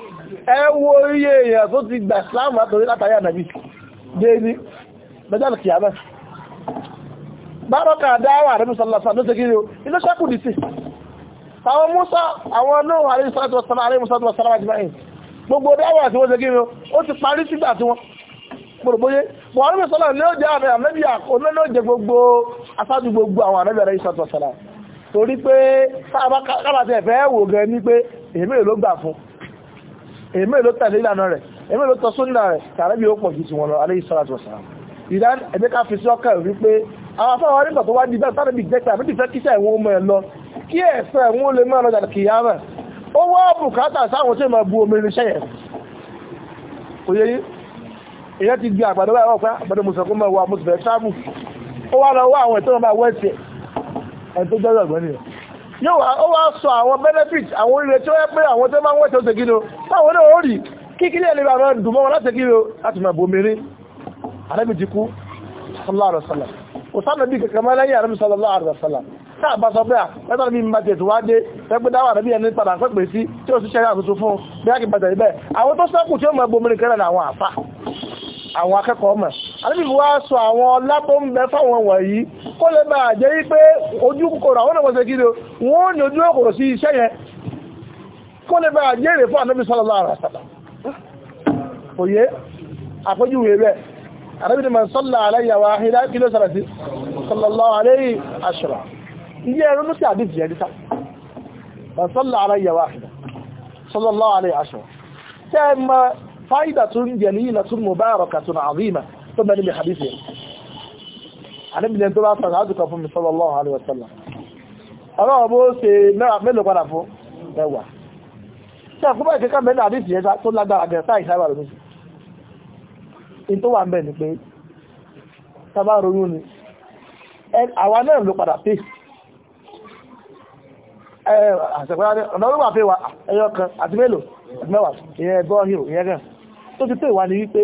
ẹ wo iye èèyàn tó ti gbà Islam látòrí látàrí ànàbí déédé mẹ́jọ́lù kìyàmẹ́ bárọ́kà dáwà rẹ̀ mùsànlọ́sà ló ti kiri o ilé ṣẹ́kù dì sí àwọn Musa àwọn náà àrẹ ìsọ́lọ́tì wọ́sánà àrẹ ìmúsọ́lọ́tì wọ́sánà àjìmáyìn gbogbo dáwà tí wọ́n ti kiri o ó ti parí sígbà tí wọ́n gbogbogbòye buhari mùsọ́lá ní ó jẹ́ àmì àmẹ́bí àkóná ló jẹ gbogbo aṣáájú gbogbo àwọn àmẹ́bí rẹ̀ ìṣàtọ̀ sọ́lá torí pé kábàtẹ̀ fẹ́ wò gan ní pé èmi ló gbà fún èmi ló tẹ̀lé ìlànà rẹ̀ èmi ló tọ́ sónà rẹ̀ tààrẹ́bí ó pọ̀ ju tiwọn lọ alayhi salatu wassalam ìdán ẹ̀mí ká fi sí ọkàn wípé àwọn afẹ́ àwọn nígbà tó wá di bẹ́ẹ̀ tàbí bí jẹ́ta àbí fẹ́ kíṣẹ́ ìwọ̀n ọmọ ẹ̀ lọ kí ẹ̀fẹ́ ìwọ̀n lè máa lọ́jà kìyàmẹ̀ ó wọ́ bùkátà sáwọn tí ó máa bu omi irinṣẹ́ lọ yóò wá ó wá sọ àwọn benefit àwọn oríire tí ó yẹ pé àwọn tó máa ń wọ́n tó ṣe kí ni ó táwọn náà ó rí kíkílé ẹ̀lẹ́ àwọn dùn mọ́ wọn láti kí ni ó láti máa bomirin àrẹ́bì ti kú sallallahu alaihi wasallam kò sáàmì bí kankan máa lẹ́yìn àrẹ́bì sallallahu alaihi wasallam táà bá sọ bẹ́ẹ̀ lẹ́tọ́ ní mímá tètè wá dé tẹ́gbẹ́ dáwà àrẹ́bì ẹni padà pẹ́pẹ́ sí tí ó sì ṣẹ́yà tuntun fún bí á kì bàtà ibẹ̀ àwọn tó sẹ́kù tí ó mọ̀ bomirin kẹrẹ̀ àwọn àfà àwọn akẹ́kọ̀ọ́ mọ̀ àdébìbò wá sọ àwọn ọlá tó ń bẹ fáwọn wọ̀nyí kó lè bá jẹ́ wípé ojú kòrò àwọn ọmọ ṣe kiri wọ́n ní ojú kòrò sí iṣẹ́ yẹn kó lè bá jẹ́ èrè fún àdébì sallallahu alaihi wasallam òye àpéjúwe rẹ̀ sallallahu alaihi ashra iye ẹ̀rọ ló sì àdébì yẹn díta man salla alayya wahida tún jẹ̀lì tó bẹ níbi hadith yẹn àníbìlẹ̀ tó bá sọ̀rọ̀ àdùkọ fún mi sallallahu alaihi wasallam ọlọ́wọ́ bó ṣe mélòó padà fún mẹ́wàá tí àkúbọ̀ ìkẹ́kẹ́ mẹ́lẹ̀ hadith yẹn tó lágbára gẹ̀ sáà ìṣàbà lómi in tó wà ń bẹ̀ ni pé tábà ronú ni àwa náà ló padà pé àṣẹ̀kọ́lá ọ̀nà orúkọ àfẹ́wà ẹyọ kan àti mélòó àti mẹ́wàá ìyẹn ẹgbọ́ hìrò ìyẹn gan tó ti tó ìwà ni wípé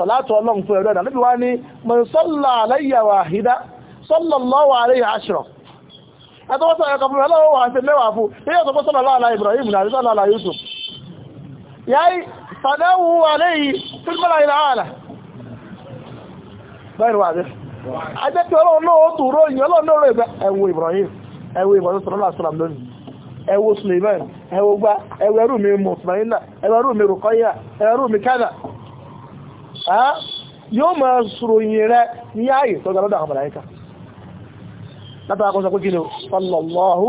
sọ̀látọ̀ ọlọ́run fún ẹ̀rọ ìdànàbí wá ní man salla alayya wahida sallallahu alayhi ashra ẹ̀tọ́wọ́sọ̀ ẹ̀kọ̀ fún ọlọ́wọ́ wà sí mẹ́wàá fún ilé ọ̀tọ́wọ́ sọ́lọ́lá àlà Ibrahim nà àrísọ́ àlà Yusuf ya yi sadawu alayhi fílmọ́lá ilẹ̀ àlà bẹ́ẹ̀rẹ̀ wà dé ajẹ́ kí ọlọ́run náà ó tùrọ ìyìn ọlọ́run yóò máa sòròyìn rẹ ní ààyè tó lọ́dọ̀ àwọn màláíkà látara sọ pé kí ni sallallahu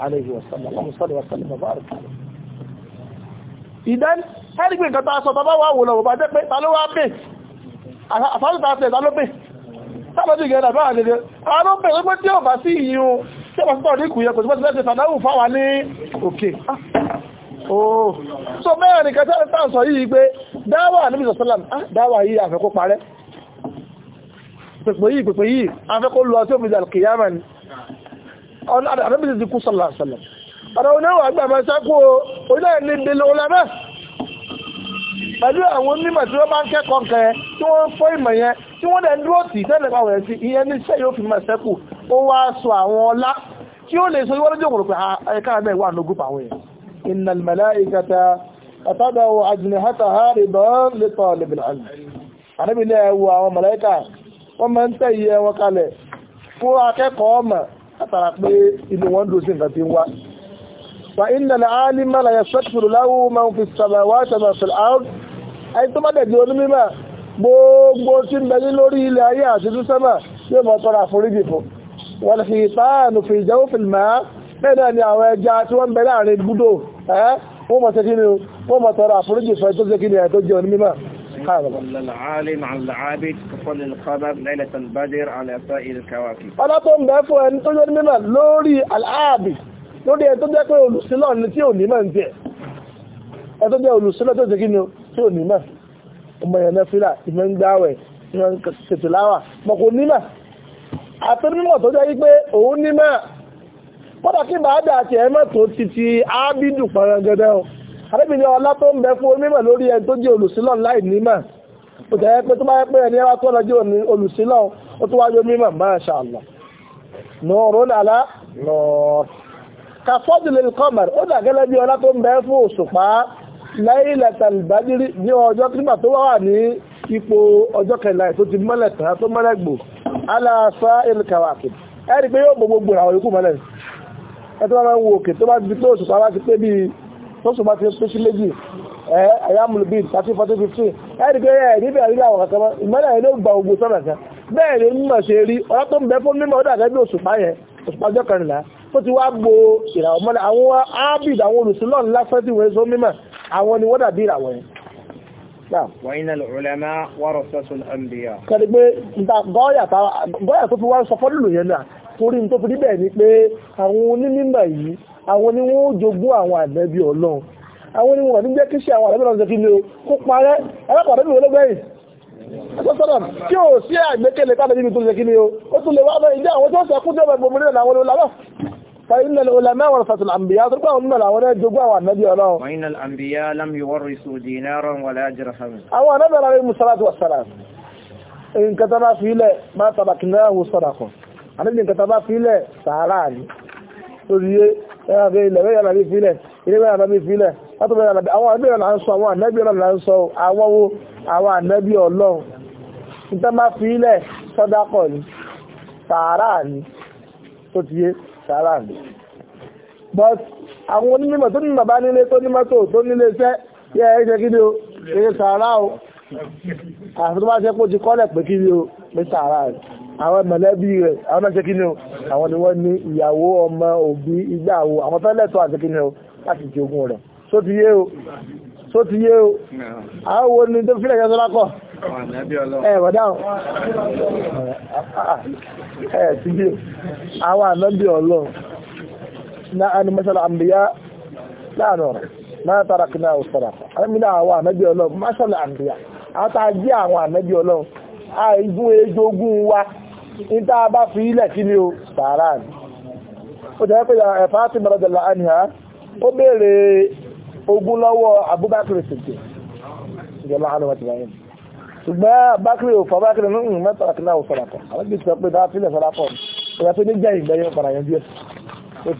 alayhi wa sallam wa sallam wa sallam wa barik idan ẹni pé nǹkan tá sọ tọ́ bá wà wò lọ́wọ́ bá jẹ́ pé ta ló wá pè àfáàlùta pè ta ló pè sábàbí gẹ̀ẹ́dà bá àdèdè àwọn ló pè lọ́pẹ́ tí ó bá sí ìyún tí ó bá sí tọ́ ní ìkùyẹ kò sí ooo oh. so mẹ́rin nìkan tẹ́lẹ̀ tàn sọ yìí pé dáwà níbi sọ̀sọ́làm ah, dáwà yìí àfẹ́kó parẹ́ pẹ̀pẹ̀ yìí pẹ̀pẹ̀ yìí àfẹ́kó lọ sí òmìnira kìyàmà ni àdàbìsì ti kú sọ̀làm ọ̀dọ̀ oníwà àgbàmọ́ sákó orílẹ̀-èdè nílé olámẹ́ pẹ̀lú àwọn onímọ̀ tí wọ́n bá ń kẹ́kọ̀ọ́ kẹ́ tí wọ́n ń fọ́ ìmọ̀ yẹn tí wọ́n dẹ̀ ń dúró tì tẹ́lẹ̀ pàwọ̀ sí ìyẹn ní iṣẹ́ yóò fi mọ̀ sẹ́kù ó wá sọ àwọn ọlá tí ó lè sọ ìwọ́n lójú òkùnkùn àyíká ah, mẹ́wàá lógún àwọn èèyàn إن الملائكة أتدعو أجنحتها رضا لطالب العلم ànábì ní ẹwọ àwọn mọ̀lẹ́kà wọ́n máa ń tẹ̀yẹ wọn kalẹ̀ fún akẹ́kọ̀ọ́ ọmọ látara pé inú wọn dúró sí nǹkan tí ń wá wà innal alima la yastaghfiru lahu man fi samawati wa ma fil ard ẹni tó bá dẹ̀dẹ̀ onímọ̀ gbogbo tí ń bẹni lórí ilẹ̀ ayé àti sísẹ́mà yóò mọ̀ tọrọ àforíjì fún wal khitanu fi jawfil ma' bẹ́ẹ̀ náà ni àwọn ẹja tí wọ́n ń bẹ láàrin búdó ẹ́ wọ́n mọ̀ tẹ́kí ni wọ́n mọ̀ tọrọ àforíjì fẹ́ tó tẹ́kí ni ẹ̀ tó jẹ́ oní mímọ̀ ọlá tó ń bẹ fún ẹni tó jẹ́ oní mímọ̀ lórí aláàbì lórí ẹ tó jẹ́ pé olùsílọ̀ ni wípé òun ní mọ̀ kọ́dọ̀ kí bàádà àti ẹ̀mọ́ tó ti ti ábídù pọ̀rọ̀gẹ́dẹ́ o àrẹ́bìnrin ọlá tó ń bẹ fún onímọ̀ lórí ẹni tó jẹ́ olùsílọ̀ láì nímọ̀ ó tẹ̀ pé tó bá yẹ pé ẹni ẹwà tó lọ jẹ́ olùsílọ̀ ó tó wájú mímọ̀ ọrụ Allah nọ̀ọ̀rọ̀ nàlá nọ̀ọ̀r kàfọ́dìlẹ̀ kọ́mọ̀r ó dà gẹ́lẹ́ bí ẹ̀tọ́ bá wo òkè tó bá di pé òṣùpá bá ti pé bí tóṣùpá ti pé sí méjì ẹ̀ àyàmùlù bíi thirty forty fifty ẹ̀rí pé ẹ̀ níbẹ̀ rí àwọn kankan ìmọ́lẹ̀ yẹn ló gba ògbó sọ́nà kan bẹ́ẹ̀ ni mímọ̀ ṣe rí ọ̀rọ̀ tó ń bẹ fún mímọ̀ ó dàgbẹ́ bí òṣùpá yẹn òṣùpá ọjọ́ kẹrìnlá tó ti wá gbo ìràwọ̀ mọ́lẹ̀ àwọn ábìd àwọn olùsílọ̀ lásán tí wọ́n sọ mímọ̀ àwọn ni wọ́n dàbí tó fi wá ń sọ fọ́lùlù yẹn náà, torí tó fi díbẹ̀ ni pé àwọn onímọ̀ yìí àwọn ni wọ́n jogún àwọn ànábì ọlọ́run àwọn ni wọ́n ní jẹ́ kíṣẹ́ àwọn ànábì ọlọ́run ṣe kó parẹ́ ẹlẹ́pàá ànábì olóògbẹ̀yìn ẹgbẹ́sọ́nà tí ó sí àgbékẹ́lẹ̀ káàdé níbi tó ṣe kí ni o ó tún lè wá bẹ́ẹ̀ ìdí àwọn الأنبياء لم يورثوا دينارا ولا درهما أو نبي عليه الصلاة والسلام إن كتب في ما تركناه صدقه àdébìnrin kẹta bá fílẹ̀ sàárà ní lóríyé ẹgbẹ́ ilẹ̀ bẹ́ẹ̀ yàrá bí fílẹ̀ ilé bẹ́ẹ̀ yàrá bí fílẹ̀ látọ̀ bẹ́ẹ̀ yàrá àwọn àdébìnrin náà ń sọ àwọn ànẹ́bí ọlọ́run náà ń sọ àwọn wo àwọn ànẹ́bí ọlọ́run níta bá fílẹ̀ sọ́dákọ̀ ní sàárà ní tó ti yé sàárà ní. but àwọn onímọ̀ tó ní bàbá nílé tó o ṣe tó bá ṣe kó ti kọ́lẹ̀ pé kíni o pé sàárà rẹ̀ àwọn mọ̀lẹ́bí rẹ̀ àwọn náà ṣe kí ni o àwọn ni wọ́n ní ìyàwó ọmọ òbí ìgbàwó àwọn fẹ́ lẹ́tọ́ àti kí ni o láti jẹ ogún rẹ̀ só ti yé o só ti yé o àwọn wo ni tó fílẹ̀ yẹn sọ́lá kọ̀ ẹ wọ̀dáhùn ẹ ti bí àwọn ànábì ọlọ́run na ẹni mẹ́sàlá àmbìyá láàánú rẹ̀ máa tara kí náà sọ̀rọ̀ àmì náà àwọn ànábì ọlọ́run mẹ́sàlá àmbìyá àwọn tá a jẹ́ àwọn ànábì ọlọ́run àìgún ejogun wa ìta bá fi ilẹ̀ kí ni o sàárà ní ó jẹ́ pé ẹ̀fà ti mọ̀rọ̀ jẹ̀lá àníhà ó béèrè ogún lọ́wọ́ Abubakar sèké ìjọba mm, mm, àwọn ọmọ ṣùgbọ́n Bakri ò fọ́bákiri nínú mẹ́tàlá kí náà sọ̀rọ̀ àwọn gbèsè pé dá sílẹ̀ sọ́dá pọ̀ ìgbà tó ní jẹ́ ìgbẹ́yẹ padà yẹn díẹ̀ ó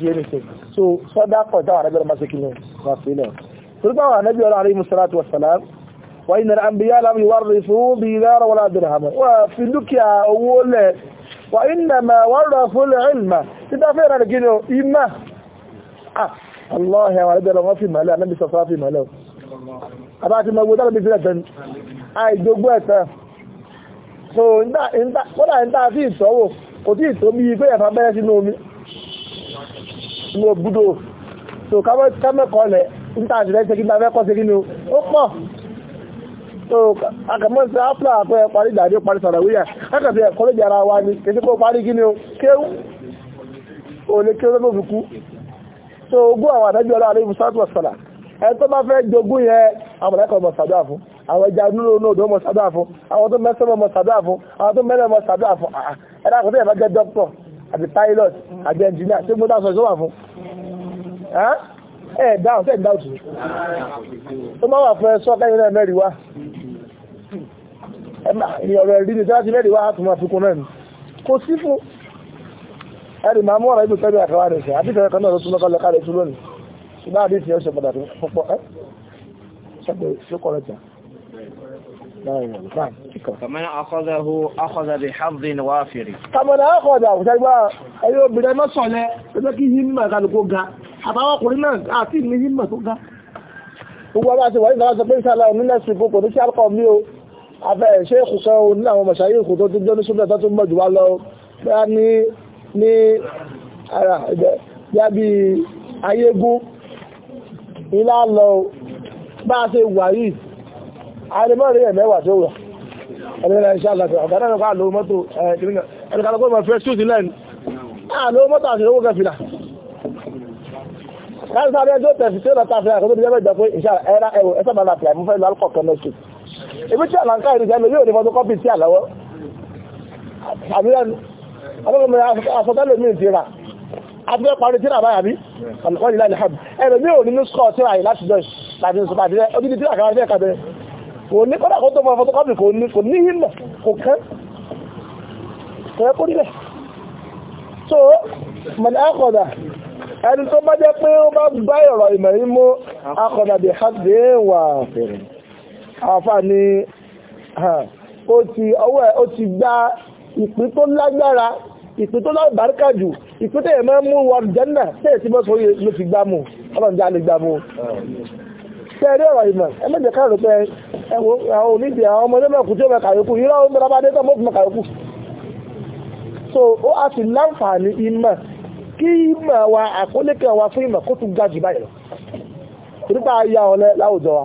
so sọ́dá pọ̀ táwọn àrẹ́bẹ̀rẹ̀ máa ṣe kí ni wọ́n sílẹ̀ torí táwọn àrẹ́bẹ̀rẹ̀ àrẹ́ وإن الأنبياء لم يورثوا دينارا ولا درهما وفي dúkìá owó وإنما ورثوا العلم إذا فين أنا إما آه الله يا ولد لو في مال أنا بس في مال أبعت ما قلت أنا بفلة أي دوبة so nta nta kódà nta sí ìtọ́wò kò tí ìtọ́ bí pé ẹ̀fà bẹ́rẹ̀ sínú omi ní òbúdó so kámẹ́kọ̀ọ́lẹ̀ nta àti rẹ̀ ṣe kí n ta fẹ́ kọ́ sí kí ni ó pọ̀ so akàmọ́ sí áfíà àpẹ́ parí ìdàdé parí sàràwíyà akàfẹ́ ẹ̀kọ́lẹ́jì ara wa ni kìí kó parí gíní o kéwú o lè kéwú lọ́gbọ̀n fi kú so ogún àwọn àdájọ́ ọlá àríwú sáàtùwà sàlà ẹni tó bá fẹ́ jogún yẹn amọ̀lẹ́kọ̀ ọmọ sàdúà fún àwọn ẹja nínú onóòdó ọmọ sàdúà fún àwọn tó mẹ́sàn ọmọ sàdúà fún àwọn tó mẹ́lẹ̀ ọmọ sàdúà fún ẹ̀dá àkọ́tí ẹ̀fẹ́ jẹ́ dókítọ̀ àti pilot àti ẹnjìnìà tí mo dá sọ ìṣọ́wà fún ẹ̀ dáhùn sẹ́ẹ̀ dáhùn tó máa wà fún ẹ sọ́kẹ́yìn náà mẹ́rin wá ẹni ọ̀rọ̀ ẹ̀rí ni dájú lẹ́rìí wá àtúnmọ̀ àfikún náà ni kò sí fún ẹni máa mú ọ̀rọ̀ ibi tẹ́lẹ̀ àkàwà rẹ̀ sí àbí tẹ́lẹ̀ kan náà tún lọ́kọ́ lọ́kọ́ rẹ̀ tún lónìí ṣùgbọ́n àbí ìfìyà ṣe pàtàkì púpọ̀ ẹ́ ṣẹ́gbẹ̀ ṣe kọ̀rọ̀ jà Kàmọ́nà akọ́dà hù akọ́dà bí hàbdín wá fèrè. Kàmọ́nà akọ́dà hù sẹ́gbà ẹyọ obìnrin mọ́sànlẹ̀ ẹgbẹ́ kí hímà kan kó ga. Àbáwọn ọkùnrin náà àti ní hímà tó ga. Gbogbo ọba àti wà ní ìdáwà sọ pé ìṣàlá òmìnà sí gbogbo ní ṣàkọ̀ mí o afẹ́ ṣéèkù kan o ní àwọn mọ̀ṣáyé ìkù tó tún jọ ní súnmọ́ tó mọ̀ jù wá lọ bẹ́ẹ̀ ní ní ara ẹ̀jẹ̀ bíá bí ayégún ilá lọ bá a ṣe wà yìí àrẹmọ́rin ẹ̀ mẹ́wàá tó wà ẹ̀rẹ́rẹ́ iṣẹ́ àlàfẹ́ ọ̀gá náà kọ́ àlọ́ mọ́tò ẹ̀rẹ́kàlọ́kọ́ mọ̀ fẹ́ ṣúùtì lẹ́nu àlọ́ mọ́tò àti owó kẹfìlà láti sáré ẹjọ́ tẹ̀sí tí ó lọ tàfẹ́ àkọ́tọ́ bí jẹ́ ìṣàrà ẹ̀rá ẹ̀wọ̀ ẹ̀sẹ̀ láti àìmúfẹ́ lọ alkọ̀ọ̀kan mẹ́sùn ibi tí àlàǹkà ìrìnṣẹ́ lè yóò ní fọ́tọ́kọ́pì sí àlọ́wọ́ àbílẹ́nu ọlọ́gbọ̀n asọ́tẹ́lẹ̀ mi ti rà àti pé parí tíra báyà bí wọ́n nílá ìlẹ́hàbì ẹ̀rọ mi ò nínú skọ́ tíra yìí láti joyce láti sọ pàdé odidi tíra kan fẹ́ kàbẹ̀rẹ̀ kò ní kọ́dà kó tó mọ fọ́tọ́kọ́pì kò ní kò ní hìmọ̀ kò kán kò ẹni tó bá jẹ́ pé ó bá bá ìrọ̀ ìmọ̀ mú akọ̀dà bí wà fẹ̀rẹ̀ àfà ni ó ti ọwọ́ ẹ̀ ó ti gbá ìpín tó lágbára ìpín tó lábàárìkà jù ìpín tẹ̀yẹ̀ máa mú wọ jẹ́nà tẹ̀yẹ̀ tí bọ́ sórí ló fi gbá mú ọlọ́run já lè gbá mú tẹ́ẹ̀rí ọ̀rọ̀ ìmọ̀ ẹ mẹ́jẹ̀ káàrò pé ẹ̀wọ̀n àwọn onídìí àwọn ọmọdé mẹ́kù tí ó mẹ́ka yòókù yíra ó mẹ́ra bá dé tọ́ mọ́kù mẹ́ka yòókù so ó a sì láǹfààní ìmọ̀ kí ìmọ̀ wa àkólékè wa fún ìmọ̀ kó tún ga jù báyìí lọ nípa ayá ọlẹ́ láwùjọ wa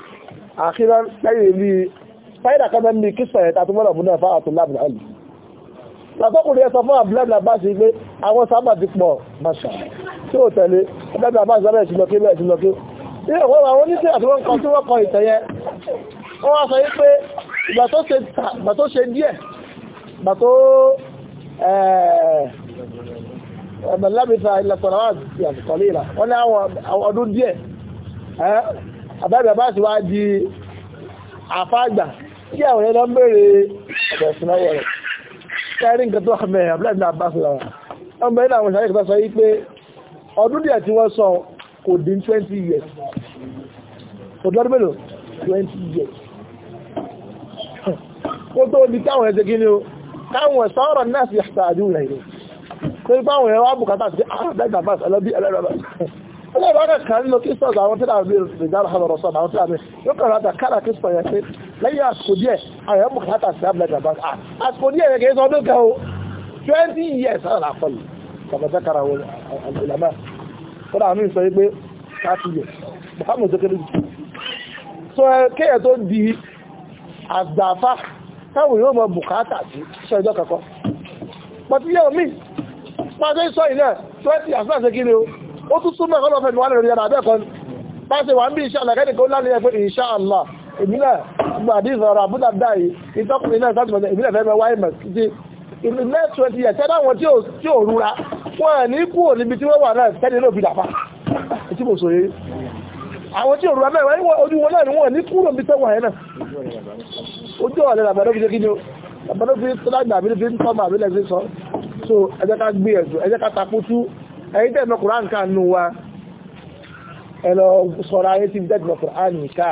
àkíran lẹ́yìn rí fáìdà kọ́mẹ́ ní kíṣọ̀ ẹ̀ta tó mọ́nà múnà fáà tó lábìnà alì látọ́kùnrin ẹsọ fún àbúlẹ́bìnà bá ṣe pé àwọn sábà ti pọ̀ máṣà tí ó tẹ̀lé ẹgbẹ́bìnà bá ṣe lọ́kí bẹ́ẹ̀ sí lọ́kí ilé ìwọ̀n àwọn oníṣẹ́ àti wọ́n kan tí wọ́n kọ ìtẹ̀yẹ wọ́n wá sọ yí pé ìgbà tó ṣe díẹ̀ ìgbà tó ẹ̀ẹ̀mẹ̀lábìta eh, eh, ilẹ̀ àbẹ́bẹ̀ bá sì wá di àfáàgbà kí àwọn ẹ̀lọ́ mẹ́rẹ̀ ẹ̀sìnlọ́wọ́ rẹ̀ kẹrin nǹkan tó hàmẹ́ àbúlẹ̀dìn àbáṣe lára ọmọ ilẹ̀ àwọn ìṣàlẹ̀ ìgbà sọ yí pé ọdún díẹ̀ tí wọ́n sọ kò dín 20 years kò dọ́dún mélòó 20 years kó tó di káwọn ẹ̀ṣẹ́ kí ni o káwọn sọ́ọ̀rọ̀ náà sì àtàdún rẹ̀ ọlọ́bàá kàrí lọ kí sọ́ọ̀dọ̀ àwọn tẹ́lá àbí ìdára àbọ̀rọ̀ sọ́ọ̀dọ̀ àwọn tẹ́lá àbí yóò kọ̀rọ̀ àtà kára kí sọ́ọ̀ yẹn pé lẹ́yìn àsìkò díẹ̀ àwọn ẹ̀mú kàtà sí abúlé gàbá àsìkò díẹ̀ yẹn kìí sọdún kan o twenty years sára àkọlù kàbàtà kara years Muhammad zokere jù sọ kéèyàn tó di àgbàfà táwọn yóò mọ bùkátà sí sọ ìjọ kankan pọtí yẹ omi pàṣẹ sọ ìlẹ twenty years náà ṣe kí ni o ó tún súnmọ́ ẹ̀kọ́ lọ́fẹ́ ìwọ́n lórí ẹ̀nà abẹ́ẹ̀kọ́ bá ṣe wà ń bí inshallah kẹ́nìkan láti ẹgbẹ́ inshallah ìmìnà gbàdí ìzọ̀rọ̀ àbúdà dáyìí ìtọ́kùnrin náà sáàtì mọ̀jẹ̀ ìmìnà fẹ́ mẹ́ wáyé mẹ́ next twenty years tẹ́lá wọn tí ò rúra wọn ní kú ò níbi tí wọ́n wà náà tẹ́lẹ̀ ló fi dàpá tí mo ni wọ́n ní kú ò níbi tẹ́wọ̀n yẹn náà ojú ọ̀lẹ́ làbàdàn fi ṣe kí ẹ̀yìn tẹ́ẹ̀mọ̀ kùránì ká nù wa ẹ̀lọ sọ̀rọ̀ ayé tí tẹ́ẹ̀mọ̀ kùránì ká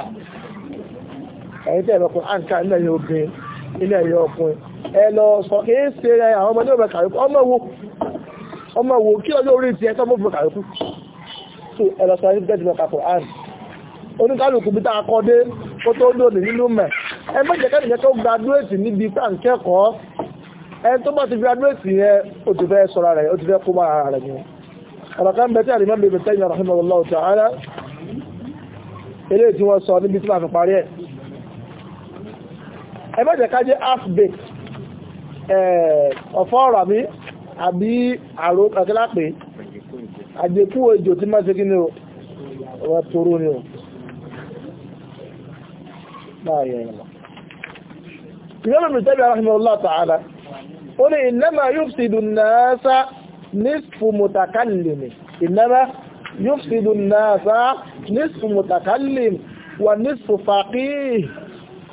ẹ̀yìn tẹ́ẹ̀mọ̀ kùránì ká nílẹ̀ yóò bẹ nílẹ̀ yóò fún ẹ̀lọ sọ kìí bí táa kọ́ dé ọ̀rọ̀kan bẹ̀tẹ́ àrímọ́ bèbè tẹ́yìn rahimahullahu ta'ala ilé tí wọ́n sọ níbi tí ma fi parí ẹ̀ ẹgbẹ́jẹ̀ ká jẹ́ half-baked ọ̀fọ́ ọ̀rọ̀ mi àbí àrò kàkílápé àjẹkú ejò tí máa tẹ́kí ní wọ́n torú ní o ìyẹ́lùmí tẹ́bí ta'ala ó ní innama yufsidu nasa nisfu mutakallim inama yufsidu an-nasa nisfu mutakallim wa nisfu faqih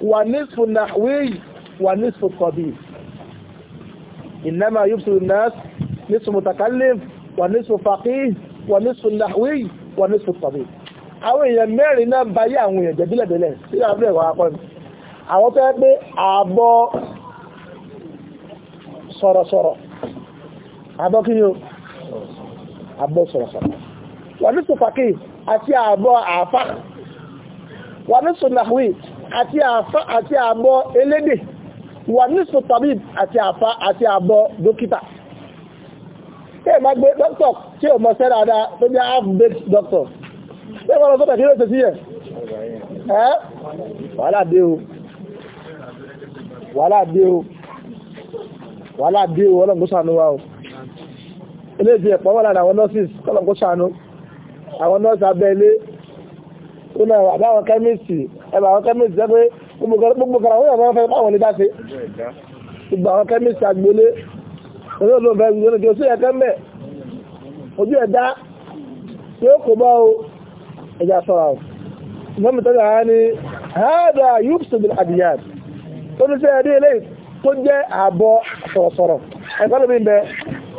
wa nisfu nahwi wa nisfu tabib inama yufsidu an-nas nisfu mutakallim wa nisfu faqih wa nisfu nahwi wa nisfu tabib àwọn èèyàn mẹ́rin náà báyé àwọn èèyàn jẹ̀bílẹ̀bílẹ̀ sí àbúrẹ̀ wà pọ̀ ní àwọn tó yẹ pé ààbọ̀ sọ̀rọ̀sọ̀rọ̀ àbọ́ kí ni o àbọ́ sọ̀rọ̀sọ̀rọ̀ wà ní sọ̀fàkì àti àbọ́ àfá wà ní sọ̀nàwì àti àbọ́ elédè wà ní sọ̀tàbí àti àfá àti àbọ́ dókítà tí ẹ̀ máa gbé dókítọ̀ tí ò mọ̀ sẹ́ dáadáa tó ní half-baked doctor tí ẹ̀ máa lọ sọ́tà kí ló ṣe sí yẹ̀ ẹ́ wàhálà dé o wàhálà dé o wàhálà dé o eléjì ẹ̀pọ̀ wọ́n lára àwọn nurses kọ́lọ̀kọ́ sànú àwọn nurse abẹ́lé tó náà wà báwọn kẹ́mìsì ẹbà àwọn kẹ́mìsì jẹ́ pé gbogbo kan àwọn ìyàwó fẹ́ pàwọn ní dáṣe gbogbo àwọn kẹ́mìsì àgbélé ojú ẹ̀dá tí ó kò bá o ẹjà sọ́ra o ìfẹ́mì tọ́jú àwọn ni hádà yóò ẹ̀kọ́ lómi bẹ́ẹ̀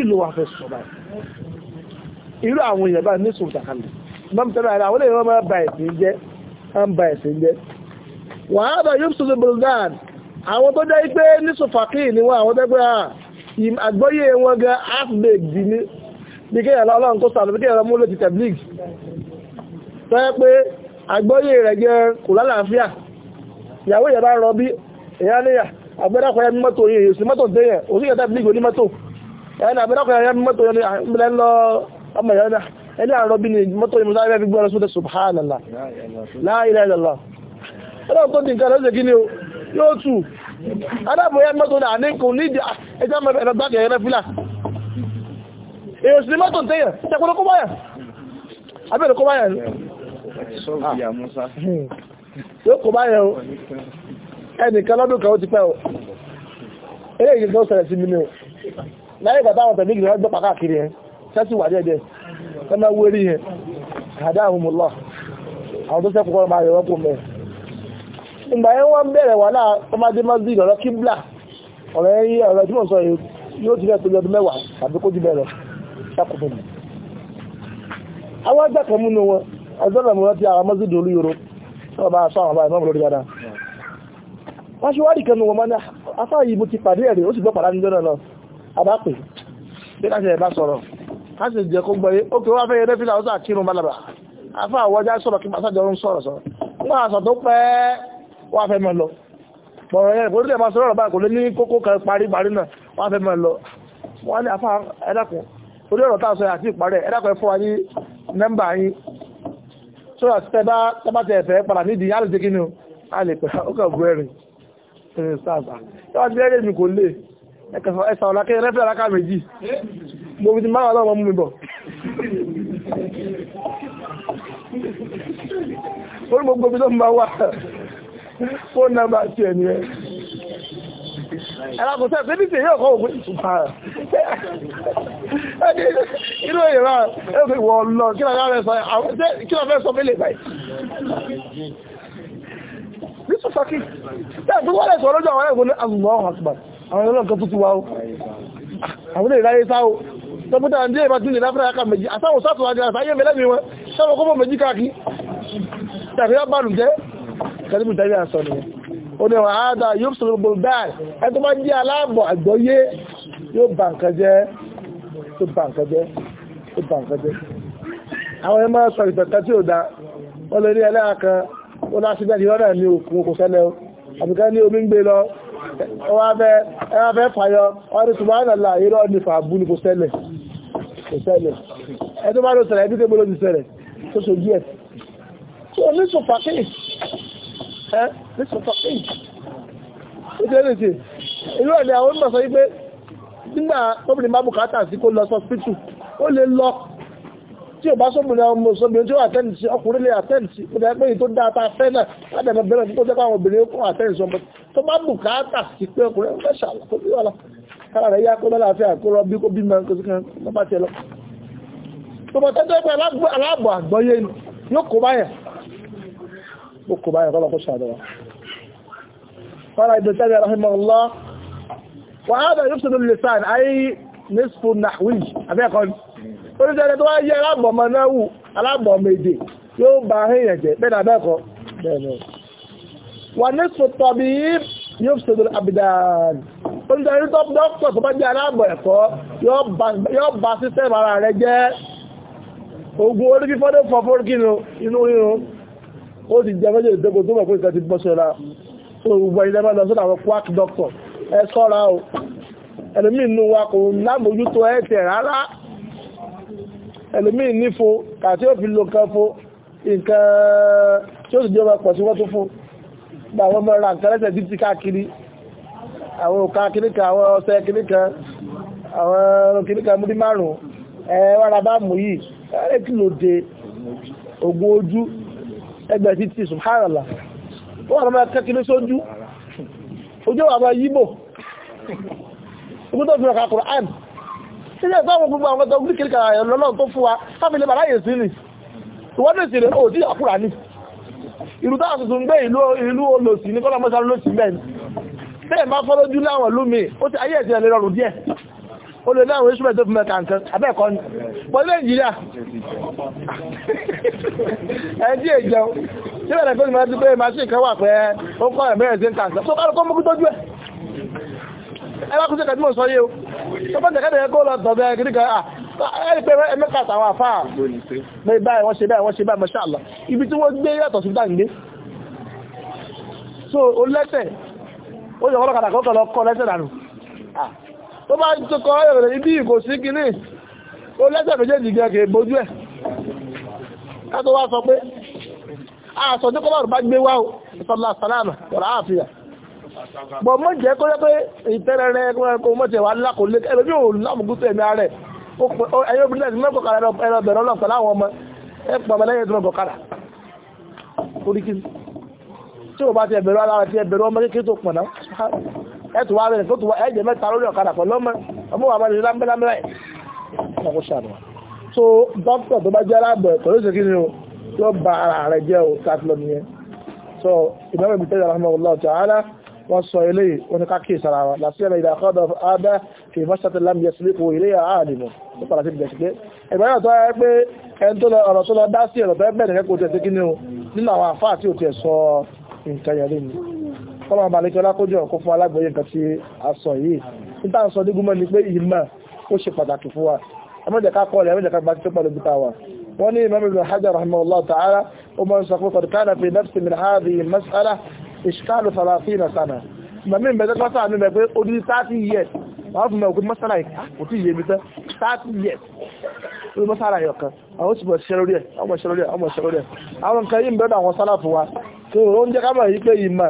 kí ló wà fẹ́ sọ báyìí irú àwọn èèyàn bá ní sùn tàkàlẹ̀ mọ́mtẹ́lá àwọn èèyàn máa ba ẹ̀sìn jẹ́ ń ba ẹ̀sìn jẹ́ wàá bá yóò sọ buldan àwọn tó jẹ́ pé ní sùfàkì ni wọ́n àwọn tẹ́gbẹ́ ah, àgbọ́yé wọn gan half-baked di ní bí kéèyàn lọ́lọ́run tó sàlọ́ bí kéèyàn lọ múlò ti tẹ̀blíg tó yẹ pé àgbọ́yé rẹ̀ jẹ́ kò lálàáfíà ìyàwó ìyàbá rọ bí ìyá níyà ah, àgbẹ́dàkọ̀yà mọ́tò yìí sí mọ́tò déyẹ̀ òsì ẹ̀nà àbẹ́dàkùnrin àyà mọ́tò yẹn ní lọ ọmọ ìyá ẹni àrọ̀ bí ní mọ́tò yẹn mọ́tò yẹn gbọ́rọ̀ sódẹ̀ subhanallah la ilaha illallah ọlọ́run tó di nǹkan lọ́sẹ̀ kí ni o yóò tù adábòyá mọ́tò náà ní kò ní ìdí ẹjá mẹ́fẹ́ ẹ̀rọ gbáàdì ẹ̀rẹ́ fílà èèyàn sí mọ́tò tẹ́yẹ̀ tẹ́kùnrin o ẹnìkan lọ́dún o eléyìí kan ó ṣẹlẹ̀ sí mi lẹ́yìn ìgbà táwọn tẹ̀lé ìgbìyànjú gbọ́pàá káàkiri ẹ̀ sẹ́sì wà díẹ̀díẹ̀ ẹ máa wé rí ẹ̀ àdá àwọn ọmọlá tó sẹ́kù kọ́ máa yọ̀rọ̀ kò bẹ̀rẹ̀ wà náà ọmọdé mazid ọ̀rọ̀ kíbla ọ̀rọ̀ ẹ̀yìn yóò ti ọdún tàbí kó jù mi kan múnú wọn àwọn yòrò àwọn lórí abápè bí láti ẹ̀bá sọ̀rọ̀ láti jẹ́ kó gbọ́yé ó kí wá fẹ́ eré fílà ọ́sà kírun balaba afá àwọjá sọ̀rọ̀ kí pàṣájọ ń sọ̀rọ̀ sọ̀rọ̀ nígbà àṣà tó pẹ́ wá fẹ́ mọ́ lọ bọ̀rọ̀ yẹn kò rí ẹ̀bá sọ̀rọ̀ báyìí kò lé ní kókó kan parí parí náà wá fẹ́ mọ́ lọ wọ́n ní afá ẹ̀dàkùn orí ọ̀rọ̀ táà sọ àti ìparí ẹ̀dàkùn fún wa ní nọ́mbà yín sọ̀rọ̀ tẹ́ bá tẹ́ bá tẹ́ ẹ̀fẹ́ padà nídìí á lè ṣe kí ni o á lè pẹ́ ó kàn bú ẹ̀rìn ẹ̀rìn sáà ẹ̀sà ọ̀lákẹ́ rẹ́fẹ́ aláká méjì gbogbo ti máa ọlọ́wọ́ mú mi bọ̀ orí gbogbo bí tó ń bá wà fóònù nàmbà sí ẹni ẹ alákòóṣẹ́ bébí tèyí ọkọ̀ ògùn ìtùpàrà inú èyí rà ẹ̀ fi wọ̀ lọ kí lọ fẹ́ sọ mẹ́lẹ̀ báyìí This is fucking. That's the one I saw. I don't know. I don't know àwọn ọlọ́kan tó ti wá o àwọn ìráyé sáà o tọ́pútà ní ìbá tún lè láfíà ká méjì àtàwọn sátò àjẹ́ àtàyẹ́ mẹ́lẹ́mì wọn sáwọn kọ́pọ̀ méjì káàkì tàbí bá lù jẹ́ kẹrìmù tàbí àṣọ ni ó ní wà áádá yóò sọ gbogbo báyìí ẹ tó bá jẹ́ aláàbọ̀ àgbọ́yé yóò bà àwọn ẹmọ sọ ìtọ̀kà tí ò da wọ́n lè rí ẹlẹ́àkan ó láti bẹ́ẹ̀ ni ọ̀rẹ́ ní òkun òkun sẹ́lẹ̀ àbíká ní omi ń gbé lọ ẹwà fẹ́ fàyọ ọdún tó máa nàlá irọ́ ní fàbú ní kò sẹ́lẹ̀ ẹ̀tọ́ máa ló sẹ̀rẹ̀ ẹbí tẹ́gbẹ́ ló ti sẹ̀rẹ̀ tó so díẹ̀ tó ní so fàkíyì ẹ́ ní so fàkíyì ó ti lẹ́nu sí irú ẹ̀ ni àwọn mọ̀ sọ wípé nígbà tó bìnrin bá bùkátà sí kó lọ sọ spítù ó lè lọ tí ò bá sóbìnrin àwọn ọmọ sóbìnrin tí ó àtẹ́ǹdì sí ọkùnrin lè àtẹ́ǹdì sí ó dẹ́ pé èyí tó dá ata fẹ́ náà ládẹ̀mọ̀ bẹ̀rẹ̀ tí kò jẹ́ káwọn obìnrin kún àtẹ́ǹdì sọmọ tó bá bùkátà sí pé ọkùnrin fẹ́ ṣàlọ́ kó bí wàlá kára rẹ̀ yá kó lọ́la fẹ́ àkórọ bí kó bí mọ kó sí kan tó bá tiẹ̀ lọ. tọmọ tẹ́tọ́ pé aláàbọ̀ àgbọ́yé yóò kó báyẹ̀ ó kó oníṣẹ́ni tó wá yẹ alábọ̀mọ̀ náà wù alábọ̀mọ̀ èdè yóò bá èèyàn jẹ́ bẹ́ẹ̀ náà bẹ́ẹ̀ kọ́ bẹ́ẹ̀ wà ní sọ̀tọ̀ bí yóò fi ṣètò abidan oníṣẹ́ni tó dọ́pọ̀ tó bá jẹ́ alábọ̀ ẹ̀kọ́ yóò bá sísẹ́mù ara rẹ̀ jẹ́ ogun orí fífọ́ tó fọ́ fórí kí inú rírun ó ti jẹ méjì ìdógún tó mọ̀ pé ìkẹ́ ti bọ́ ẹlòmíì nífo kàtí ó fi lo nǹkan fo nǹkan tí ó sì jọba pọ̀ sí wọ́n tó fún gba àwọn ọmọ ra nǹkan lẹ́sẹ̀ títí káàkiri àwọn òkà kìníkà àwọn ọṣẹ kìníkà àwọn kìníkà múdí márùn-ún ẹwọ́n rabá mú yìí ẹ̀rẹ́ kí ló dé ogun ojú ẹgbẹ̀ títí subhanallah ó wà lọ́mọ kẹ́kìní sójú ojú wà máa yíbò ogun tó fi ọkà kùrán sílẹ̀ fáwọn gbogbo àwọn ọ̀tọ̀ orí kìrìkà ọlọ́lọ́ tó fún wa fábílẹ̀ bàrá yẹ̀ sí ni wọ́n lè sílẹ̀ ó dí àkúrà ní ìlú táwọn tuntun gbé ìlú olóòsì ní kọ́lá mọ́sá lóòsì bẹ́ẹ̀ bẹ́ẹ̀ máa fọ́ lójú láwọn ìlú mi ó ti ayé ẹ̀sìn ẹ̀lẹ́ rọrùn díẹ̀ ó lè láwọn ìṣúbẹ̀ tó fi mẹ́ta nǹkan abẹ́ẹ̀kọ́ ni pọ̀ Nàìjíríà [laughs] ẹ̀dí èjẹun tí bẹ̀rẹ̀ pé màá ti pé màá ṣe ìkẹwà pé ó kọ́ ẹ̀mẹ́rẹ̀ sí nǹkan tó kọ́ ẹwà kúṣẹ́ kẹ́tí mọ̀ sọ yé o tó bá jẹ́ kẹ́tẹ̀ kó lọ tọ̀bẹ̀ kìríkà ah, ẹni pé ẹmẹ́ka àtàwọn àfáà mẹ́ báyìí wọ́n ṣe báyìí wọ́n ṣe báyìí mọ́ṣáàlá ibi tí wọ́n gbé yàtọ̀ sí dáǹgbé so ó lẹ́sẹ̀ ó yọ ọlọ́kadà kọ́kọ́ lọ kọ́ lẹ́sẹ̀ dànù ah, tó bá tó kọ́ ẹ̀rẹ̀ ibi ìkò sí kìíní ó lẹ́sẹ̀ méjèèjì gẹ̀ kè bójú ẹ̀ ká tó wá sọ pé àṣọ tó kọ́ bá gbé wá o sọ́lá sàlámà wọ̀rọ̀ àfihàn bọ̀ mọ́ jẹ́ kó jẹ́ pé ìtẹ́rẹrẹ kó mọ́ tẹ̀ wá lákòólé ẹ̀rọ yóò lámùgútó ẹ̀mí ara ẹ̀ ẹ̀yọ́ bí lẹ́sìn mẹ́kọ̀ọ́ kára ẹ̀rọ bẹ̀rẹ̀ ọlọ́pàá láwọn ọmọ ẹ̀ pàmò lẹ́yìn tó lọ́kọ̀ kára orí kí tí o bá ti ẹ̀bẹ̀rẹ̀ ara ti ẹ̀bẹ̀rẹ̀ ọmọ kékeré tó pọ̀nà ẹ̀ tó wá rẹ̀ tó tó wá ẹ̀jẹ̀ mẹ́ta lórí ọ̀kadà pẹ̀lú ọmọ ọmọ máa lè lámbẹ́lámbẹ́lá ẹ̀ ọkọ̀ ṣàdùn so dókítà tó bá jẹ́ aláàbẹ̀ pẹ̀lú wọ́n sọ ilé oníkàkì sára wọn lásìkò ẹ̀rọ ìdá àkọ́dọ̀ abẹ́ fi mọ́ṣẹ́ tó lámì yẹ sílé kò ilé àálìmọ̀ tó padà sí ìgbẹ̀sí pé ìgbàyà tó yẹ pé ẹni tó lọ ọ̀rọ̀ tó pàtàkì fún wa wọ́n ní Imam Ibn Hajar rahimahullah ta'ala ó mọ́ ń sọ pé qad kana ìṣkáàlù sàlàfí ìnà sànà mẹ́mí ìbẹ̀tẹ́ pátá mi bẹ̀ pé ó di 30 years wọ́n fún mẹ́kún mọ́sára ah, ìká kò tí yé mi tẹ́ 30 years ó mọ́sára ìyọ̀kan àwọn òṣìbọ̀ ṣẹlórí ẹ̀ ọmọ ṣẹlórí ẹ̀ ọmọ ṣẹlórí ẹ̀ àwọn nǹkan yìí bẹ̀rẹ̀ àwọn sálàfù wa tó ó ń jẹ́ ká mọ̀ yí pé ìmọ̀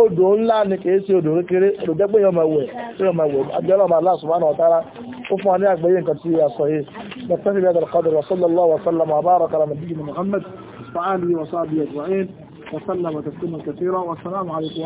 odò ńlá ni kìí ṣe odò kékeré odò jẹ́ pé yọ máa wẹ̀ tí yọ máa wẹ̀ abiola وسلم تسليما كثيرا والسلام عليكم